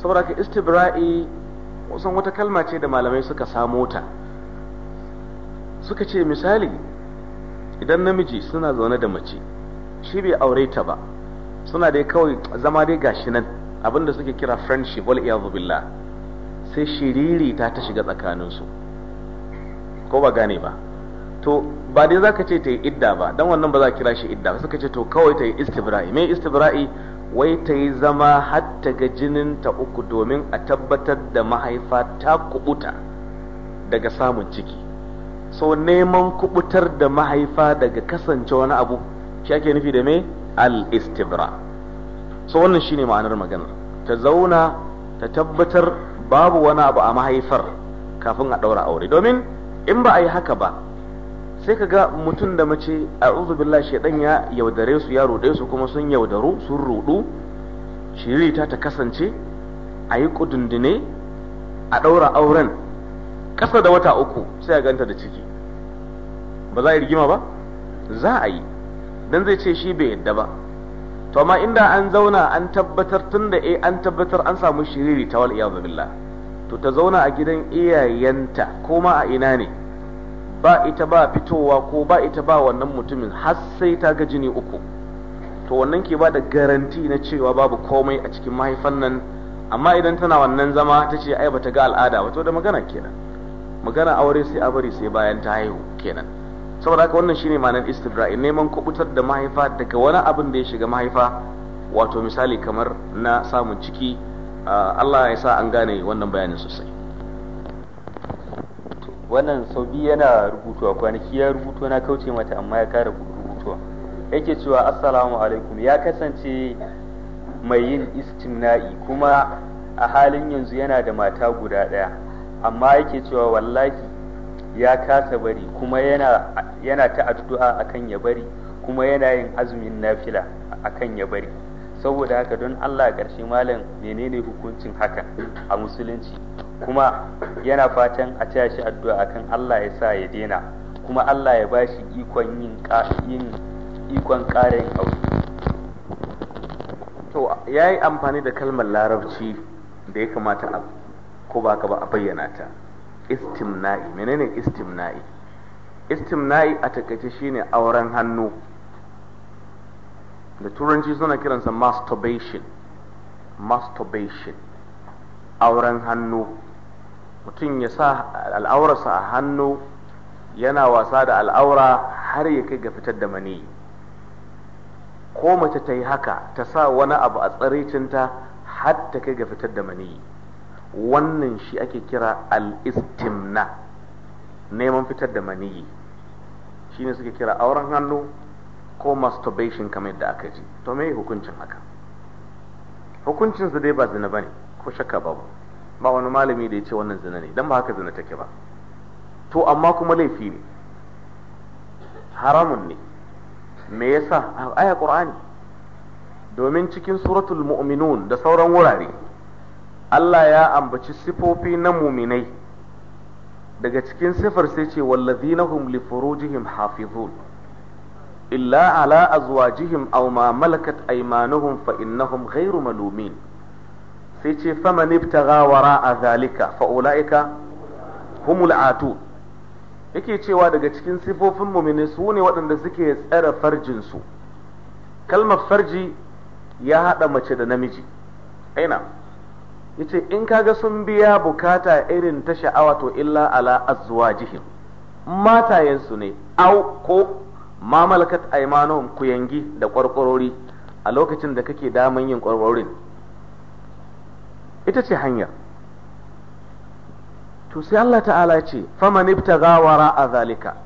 S2: saboda ka istibra'i kusan wata kalma ce da malamai suka samo ta suka ce misali idan namiji suna zaune da mace shi bai aure ta ba suna dai kawai zama dai gashi nan abinda suke kira friendship wal iyadu billah sai shiriri ta ta shiga tsakaninsu ko ba gane ba to ba dai zaka ce ta yi idda ba dan wannan ba za kira shi idda suka ce to kawai ta yi istibra'i me istibra'i wai ta yi zama har ta ga jinin ta uku domin a tabbatar da mahaifa ta kubuta daga samun ciki so neman kubutar da mahaifa daga kasance wani abu shi ake nufi da me al istibra so wannan shine ma'anar magana. ta zauna ta tabbatar babu wani abu a mahaifar kafin a daura aure domin in ba a yi haka ba sai ka ga mutum da mace a billah shaidan ya yaudare su ya roɗe su kuma sun yaudaru sun ruɗu. shirita ta kasance a yi kudundune a ɗaura auren ƙasa da wata uku sai a ganta da ciki ba za a yi rigima ba za a yi dan zai ce shi bai yadda ba to amma inda an zauna an tabbatar tun da eh an tabbatar an samu shiriri ta wal iyadu to ta zauna a gidan iyayenta ko ma a ina ne ba ita ba fitowa ko ba ita ba wannan mutumin har sai ta ga jini uku to wannan ke ba da garanti na cewa babu komai a cikin mahaifan nan amma idan tana wannan zama ta ce ai bata ga al'ada ba to da magana kenan magana aure sai a bari sai bayan ta haihu kenan saboda haka wannan shine ma'anar istibra'i neman kubutar da mahaifa daga wani abin da ya shiga mahaifa wato misali kamar na samun ciki ah, Allah ya sa an gane wannan bayanin sosai
S5: wannan sau biyu yana rubutuwa kwanaki ya rubutu na kauce mata amma ya kara rubutuwa yake cewa assalamu alaikum ya kasance mai yin istimna'i kuma a halin yanzu yana da mata guda ɗaya amma yake cewa wallahi ya kasa bari kuma yana, yana ta addu'a akan ya bari kuma yana yin azumin nafila akan ya bari saboda haka don Allah ƙarshe malam menene hukuncin hakan a musulunci kuma yana fatan a taya shi addu'a akan Allah ya sa ya dena kuma Allah ya bashi ikon yin yin ikon
S2: ƙarin aure to yi amfani da kalmar larabci da ya kamata a ko ba ka ba a bayyana ta istimna'i menene istimna'i istimna'i a takaice shine auren hannu da turanci suna kiransa masturbation masturbation auren hannu mutum ya sa al'aurarsa a hannu yana wasa da al'aura har ya kai ga fitar da maniyi ko mace ta yi haka ta sa wani abu a tsaraicinta har ta kai ga fitar da maniyi wannan shi ake kira al'istimna neman fitar da maniyi ne suke kira auren hannu ko masturbation kamar yadda aka ji to me hukuncin haka hukuncin su dai ba zina bane ko shakka babu ba wani malami da ya ce wannan zina ne dan ba haka zina take ba to amma kuma laifi ne haramun ne me yasa aya qur'ani domin cikin suratul mu'minun da sauran wurare Allah ya ambaci sifofi na muminai daga cikin sifar sai ce wallazina hum li hafizun illa ala azwajihim aw ma malakat aymanuhum fa malumin sai ce faman ibtagha wara'a zalika fa yake cewa daga cikin sifofin mumini su ne waɗanda suke tsare farjin su kalmar farji ya haɗa mace da namiji aina yace in kaga sun biya bukata irin ta sha'awa to illa ala azwajihim matayensu ne au ko ma malakat aymanuhum ku yangi da kwarkwarori a lokacin da kake daman yin kwarkwarorin ita ce hanya to sai Allah ta'ala ce faman ibtaga wara zalika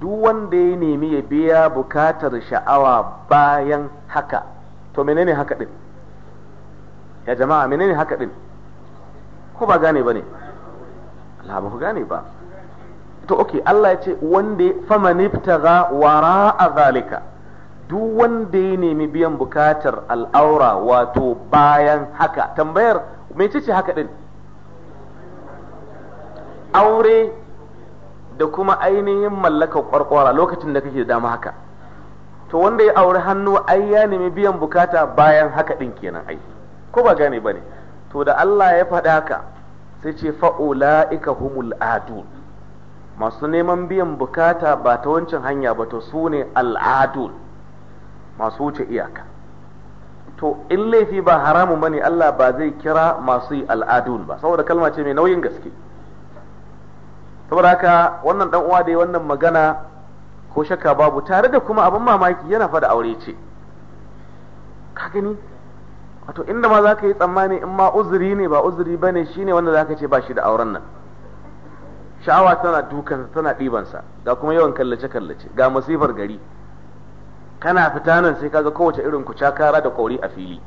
S2: duk wanda ya nemi ya biya bukatar sha'awa bayan haka to menene haka din ya jama'a menene haka din ko ba gane bane Allah ba ku gane ba to oke Allah ya ce wanda fama nifta faman ibtaga a zalika duk wanda ya nemi biyan bukatar al'aura wato bayan haka tambayar mecece haka din aure da kuma ainihin mallakar kwarkwara lokacin da kake dama haka to wanda ya aure hannu ai ya nemi biyan bukata bayan haka din kenan ai ko ba gane bane to da Allah ya faɗa ka sai ce fa'ula'ika humul adun masu neman biyan bukata ba ta wancan hanya ba to su ne al'adul masu wuce iyaka to in laifi ba haramun bane Allah ba zai kira masu yi al'adul ba saboda kalma ce mai nauyin gaske saboda haka wannan dan uwa da wannan magana ko shakka babu tare da kuma abin mamaki yana fa da aure ce ka gani wato inda ma za ka yi tsammani in ma uzuri ne ba uzuri bane shine wanda za ka ce ba shi da auren nan sha'awa tana dukan tana ɗibansa ga kuma yawan kallace kallace ga masifar gari kana fita nan sai kaga kowace irin kucakara da kwauri a fili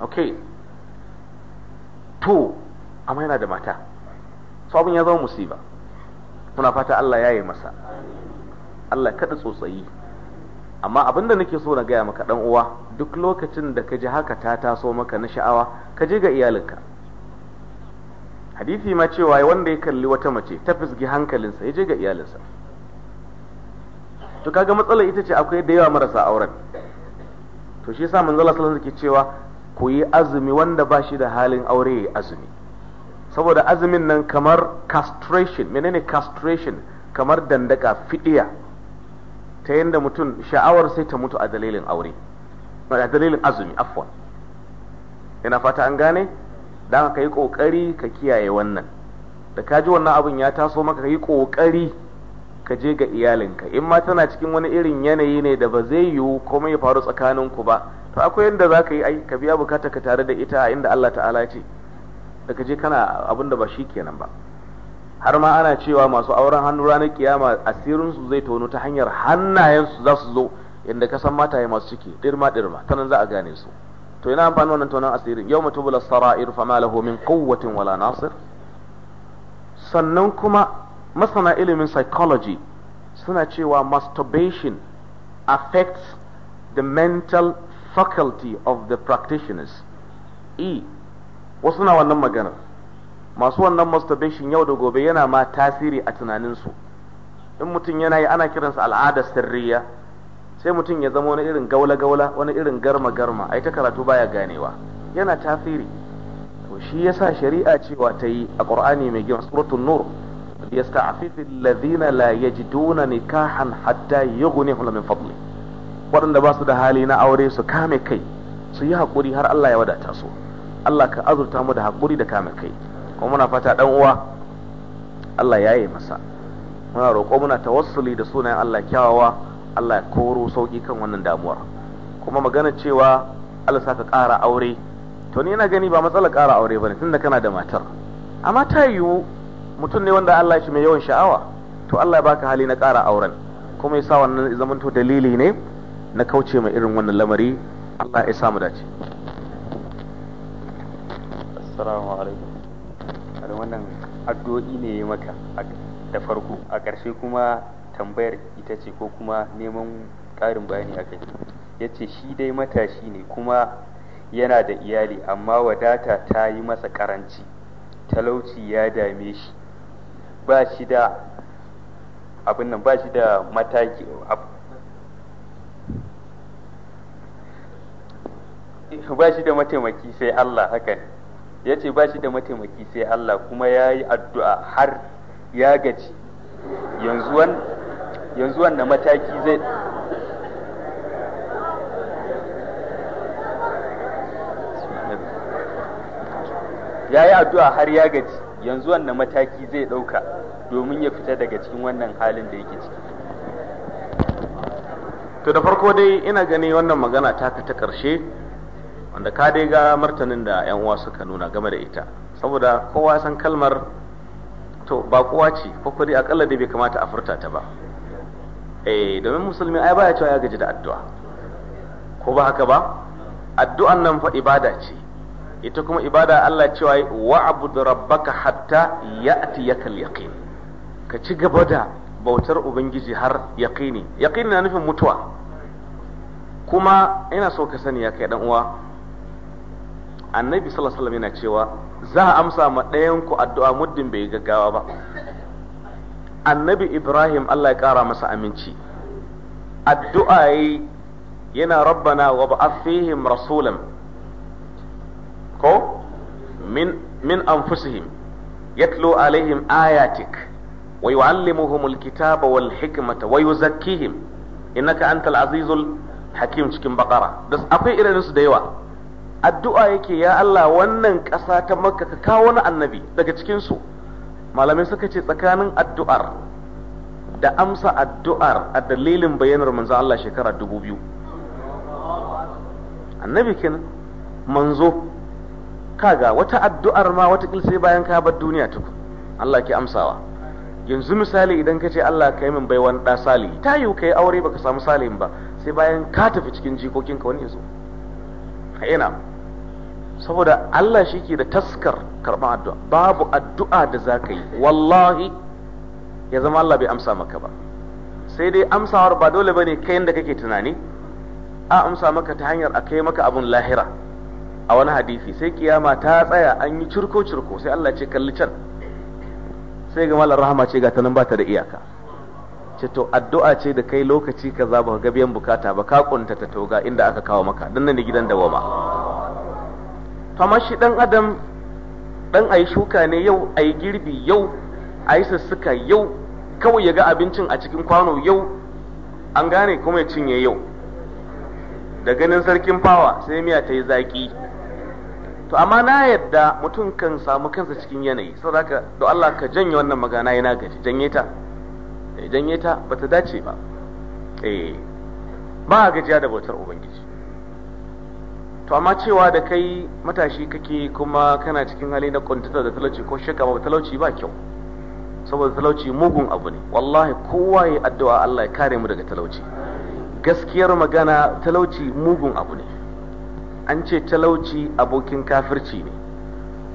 S2: okay to amma yana da mata sabon ya zama musiba kuna fata Allah ya yi masa Allah kada tsotsayi amma abin da nake so na gaya maka dan uwa duk lokacin da ka ji haka ta taso maka na sha'awa ka je ga iyalinka hadisi ma cewa wanda ya kalli wata mace ta fisgi hankalinsa ya je ga iyalinsa to kaga matsalar ita ce akwai da yawa marasa auren to shi yasa manzo Allah sallallahu alaihi cewa ku yi azumi wanda ba shi da halin aure ya azumi saboda azumin nan kamar castration menene castration kamar dandaka fidiya ta yadda mutum sha'awar sai ta mutu a dalilin aure a dalilin azumi afwan ina fata an gane don ka yi ƙoƙari ka kiyaye wannan da ka ji wannan abin ya taso maka ka yi ƙoƙari ka je ga iyalinka in ma tana cikin wani irin yanayi ne da ba zai yiwu komai ya faru tsakaninku ba to akwai yadda za ka yi ai ka biya bukata ka tare da ita inda Allah ta'ala ce da ka je kana abun da ba shi kenan ba har ma ana cewa masu auren hannu ranar kiyama asirin su zai tono ta hanyar hannayen su za su zo inda ka san mataye masu ciki dirma dirma ta za a gane su to ina amfani wannan tonan asirin yau mutu bula sara'ir fama lahu min quwwatin wala nasir sannan kuma masana ilimin psychology suna cewa masturbation affects the mental faculty of the practitioners e wasu na wannan maganar masu wannan masturbation yau da gobe yana ma tasiri a tunaninsu in mutum yana yi ana kiransa al'ada sirriya sai mutum ya zama wani irin gaula-gaula wani irin garma-garma ai ta karatu baya ganewa yana tasiri to shi yasa shari'a cewa ta yi a ƙur'ani mai girma suratul nur yasta'fifu alladhina la yajiduna nikahan hatta yughnihum min fadli waɗanda ba su da hali na aure su kame kai su yi haƙuri har Allah ya wadata su Allah ka azurta mu da hakuri da kame kai kuma muna fata dan uwa Allah ya yi masa muna roƙo muna tawassuli da sunayen Allah kyawawa Allah ya koro sauki kan wannan damuwar kuma magana cewa Allah saka ƙara aure to ni ina gani ba matsala ƙara aure bane tunda kana da matar amma ta yiwu mutum ne wanda Allah shi mai yawan sha'awa to Allah ya baka hali na ƙara auren kuma ya sa wannan to dalili ne na kauce mai irin wannan lamari Allah ya samu dace
S5: assalamu alaikum wannan addu'o'i ne maka da farko a ƙarshe kuma tambayar ita ce ko kuma neman ƙarin bayani a kai ya ce shi dai matashi ne kuma yana da iyali amma wadata ta yi masa karanci talauci ya dame shi ba shi da abin ba shi da mataki ba shi da mataimaki sai Allah haka ne ya ce ba shi da mataimaki sai Allah kuma ya yi addu'a har ya gaji yanzu yanzu wanda mataki zai
S1: ya yi addu'a har ya gaji
S5: yanzu wanda mataki zai ɗauka
S2: domin ya fita daga cikin wannan halin da yake ciki to da farko dai ina gani wannan magana taka ta karshe, wanda ka dai ga martanin da 'yan uwa suka nuna game da ita saboda kowa san kalmar to ba kowa ce ko akalla da bai kamata a furta ta ba eh domin musulmi ai baya cewa ya gaji da addu'a ko ba haka ba addu'an nan fa ibada ce ita kuma ibada Allah cewa wa'bud rabbaka hatta yakal yaqin ka ci gaba da bautar ubangiji har yaqini yaqini na nufin mutuwa kuma ina so ka sani ya kai dan uwa annabi sallallahu alaihi wasallam yana cewa za a amsa ma ɗayan ku addu'a muddin bai gaggawa ba annabi ibrahim Allah ya kara masa aminci addu'a yi yana rabbana wa ba'ath fihim ko min min anfusihim yatlu alaihim ayatik wa yu'allimuhum alkitaba wal hikmata wa yuzakkihim innaka antal azizul hakim cikin bakara da akwai irin su da yawa addu'a yake ya Allah wannan ƙasa ta makka ka kawo wani annabi daga cikin su malamai suka ce tsakanin addu'ar da amsa addu'ar a dalilin bayanar manzo Allah shekara dubu biyu annabi kin manzo kaga wata addu'ar ma wata sai bayan ka bar duniya tuku Allah ke amsawa yanzu misali idan ka ce Allah ka yi min baiwan ɗa sali, ta yiwu ka yi aure baka samu salin ba sai bayan ka tafi cikin jikokinka wani A ina saboda Allah shi ke da taskar karɓar addu'a babu addu'a da za ka yi wallahi ya zama Allah bai amsa maka ba sai dai amsawar ba dole ba ne kai yadda kake tunani a amsa maka ta hanyar a kai maka abun lahira a wani hadisi sai kiyama ta tsaya an yi curko curko sai Allah ce kalli can sai ga malar rahama ce ga ta nan ba ta da iyaka ce to addu'a ce da kai lokaci kaza ba ga biyan bukata ba ka kunta ta toga inda aka kawo maka dan nan ne gidan dawama kamar shi dan adam dan ayi shuka ne yau ayi girbi yau ayi sassuka yau kawai ya ga abincin a cikin kwano yau an gane kuma ya cinye yau da ganin sarkin fawa sai miya ta yi zaki to amma na yadda mutum kan samu kansa cikin yanayi saboda da Allah ka janye wannan magana yana gaji janye ta eh, janye ta bata dace ba eh ba gajiya da bautar ubangiji to amma cewa da kai matashi kake kuma kana cikin hali na kwantata da talauci ko shakka ba talauci ba kyau saboda talauci mugun abu ne wallahi kowa ya addu'a Allah ya kare mu daga talauci gaskiyar magana talauci mugun abu ne an ce talauci abokin kafirci ne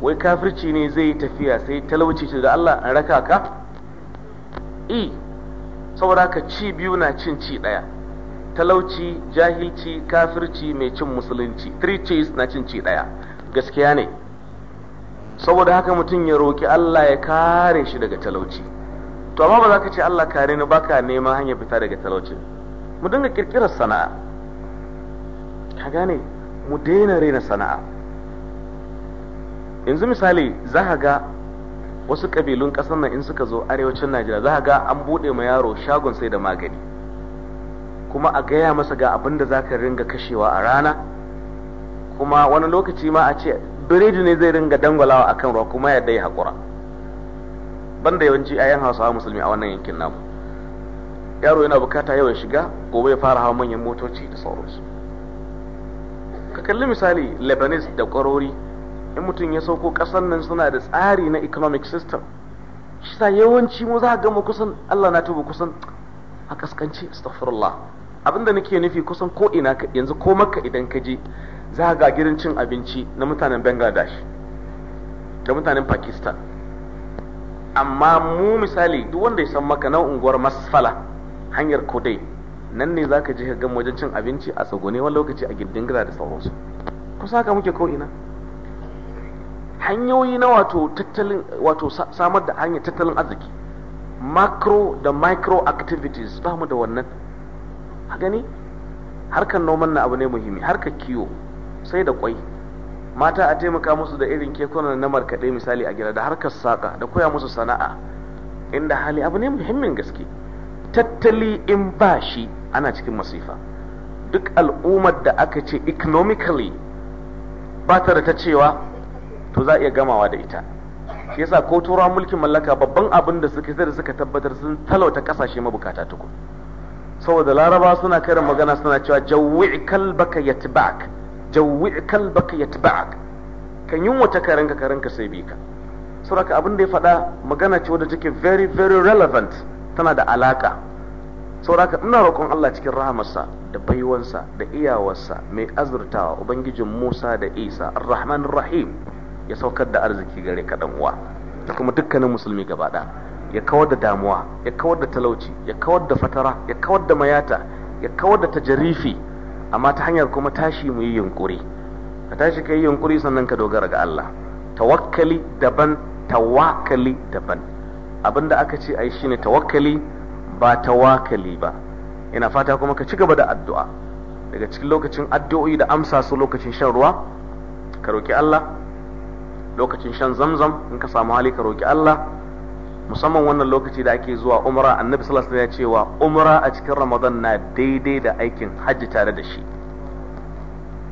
S2: wai kafirci ne zai tafiya sai talauci ce da Allah an raka ka i saboda ka ci biyu na cin ci daya talauci jahilci kafirci mai cin musulunci three cheese na cin ci daya gaskiya ne saboda haka mutum ya roki Allah ya kare shi daga talauci to amma ba za ka ce Allah kare ni baka neman hanyar fita daga talauci mu dinga kirkirar sana'a ka gane mu daina rena sana'a yanzu misali za ka ga wasu kabilun ƙasar nan in suka zo arewacin Najeriya za ka ga an buɗe ma yaro shagon sai da magani kuma a gaya masa ga abin da za ka ringa kashewa a rana kuma wani lokaci ma a ce biredi ne zai ringa dangwalawa kan ruwa kuma ya dai haƙura banda yawanci ayan hausawa musulmi a wannan yankin namu yaro yana bukata yawan shiga gobe ya fara hawa manyan motoci da sauransu ka kalli misali lebanese da kwarori in mutum ya sauko kasan nan suna da tsari na economic system shi yawanci mu za a gama kusan allah na tuba kusan a kaskanci astaghfirullah abinda nake nufi kusan ko ina yanzu ko maka idan ka je za ga gidan cin abinci na mutanen bangladesh da mutanen pakistan amma mu misali duk wanda ya san maka na unguwar masfala hanyar kodai nan ne za ka je ga wajen cin abinci a tsagone wani lokaci a gindin gida da sauransu kusa ka muke ko ina hanyoyi na wato tattalin wato samar da hanyar tattalin arziki macro da micro activities ba mu da wannan a gani harkar noman na abu ne muhimmi harkar kiwo sai da kwai mata a taimaka musu da irin kekunan na markaɗe misali a gida da harkar saƙa da koya musu sana'a inda hali abu ne muhimmin gaske tattali in bashi ana cikin masifa duk al'ummar da aka ce economically ba ta da ta cewa to za a iya gamawa da ita shi yasa ko turawan mulkin mallaka babban abin da suka da suka tabbatar sun talauta kasashe mabukata tukun saboda laraba suna kai magana suna cewa jawwi kalbaka yatba'ak jawwi kalbaka yatba'ak kan yin wata karanka karanka sai bi ka saboda abin da ya faɗa magana ce wadda take very very relevant tana da alaka saboda ina roƙon Allah cikin rahamarsa da baiwansa da iyawarsa mai azurtawa ubangijin Musa da Isa ar-Rahman rahim ya saukar da arziki gare ka dan uwa da kuma dukkanin musulmi gaba ɗaya ya kawar da damuwa ya kawar da talauci ya kawar da fatara ya kawar da mayata ya kawar da tajarifi amma ta hanyar kuma tashi mu yi yunkuri ka tashi ka yi yunkuri sannan ka dogara ga Allah tawakkali daban tawakkali daban abinda aka ce ai shine tawakkali ba tawakkali ba ina fata kuma ka ci gaba da addu'a daga cikin lokacin addu'o'i da amsa su lokacin shan ruwa ka roki Allah lokacin shan zamzam in ka samu hali ka roki Allah musamman wannan lokaci da ake zuwa umra annabi sallallahu alaihi wasallam ya cewa umra a cikin ramadan na daidai da aikin hajji tare da shi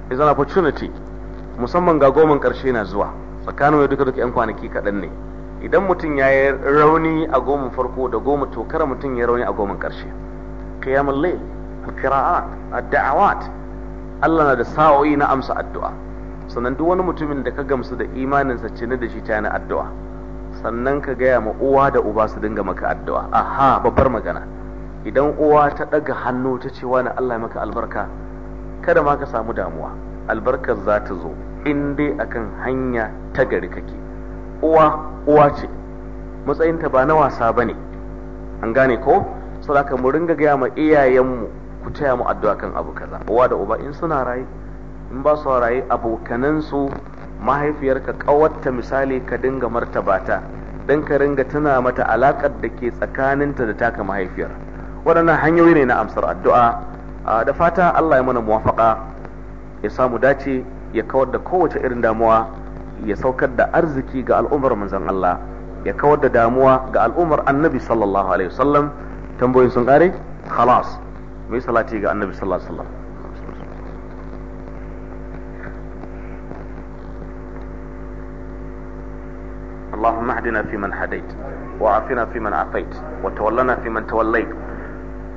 S2: is an opportunity musamman ga goman karshe na zuwa tsakanin mai duka duka yan kwanaki kaɗan ne idan mutum ya yi rauni a goman farko da goma to kar mutum ya rauni a goman karshe qiyamul layl al ad-da'awat Allah na da sa'o'i na amsa addu'a sannan duk wani mutumin da ka gamsu da imaninsa cinne da shi ta addu'a sannan ka gaya ma uwa da uba su dinga maka addu'a aha babbar magana idan uwa ta ɗaga hannu ta ce wani Allah ya maka albarka kada ma ka samu damuwa albarkar za ta zo in dai akan hanya ta gari kake uwa uwa ce matsayinta ba na wasa ba ne an gane ko saboda mu ringa gaya ma iyayenmu ku taya mu addu'a kan abu kaza uwa da uba in suna raye in ba su raye abokanansu mahaifiyarka kawatta misali ka dinga martaba ta dan ka ringa tana mata alakar da ke tsakaninta da taka mahaifiyar waɗannan hanyoyi ne na amsar addu'a da fata Allah ya mana muwafaka ya samu dace ya kawar da kowace irin damuwa ya saukar da arziki ga al'ummar manzon Allah ya kawar da damuwa ga al'ummar annabi sallallahu alaihi wasallam tambayoyin sun kare khalas mai salati ga annabi sallallahu alaihi wasallam اللهم اهدنا فيمن هديت وعافنا فيمن عافيت وتولنا فيمن توليت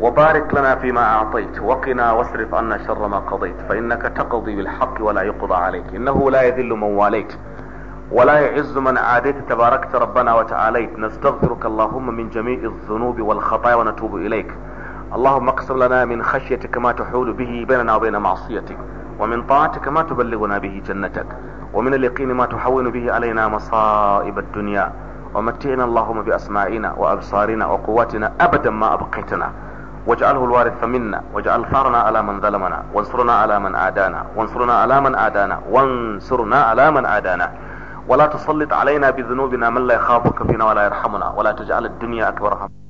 S2: وبارك لنا فيما أعطيت وقنا واصرف عنا شر ما قضيت فإنك تقضي بالحق ولا يقضى عليك إنه لا يذل من واليت ولا يعز من عاديت تباركت ربنا وتعاليت نستغفرك اللهم من جميع الذنوب والخطايا ونتوب إليك اللهم اقسم لنا من خشيتك ما تحول به بيننا وبين معصيتك ومن طاعتك ما تبلغنا به جنتك ومن اليقين ما تحون به علينا مصائب الدنيا ومتعنا اللهم بأسماعنا وأبصارنا وقواتنا أبدا ما أبقيتنا واجعله الوارث منا واجعل ثارنا على من ظلمنا وانصرنا على من عادانا وانصرنا على من عادانا وانصرنا على من عادانا ولا تسلط علينا بذنوبنا من لا يخافك فينا ولا يرحمنا ولا تجعل الدنيا أكبر همنا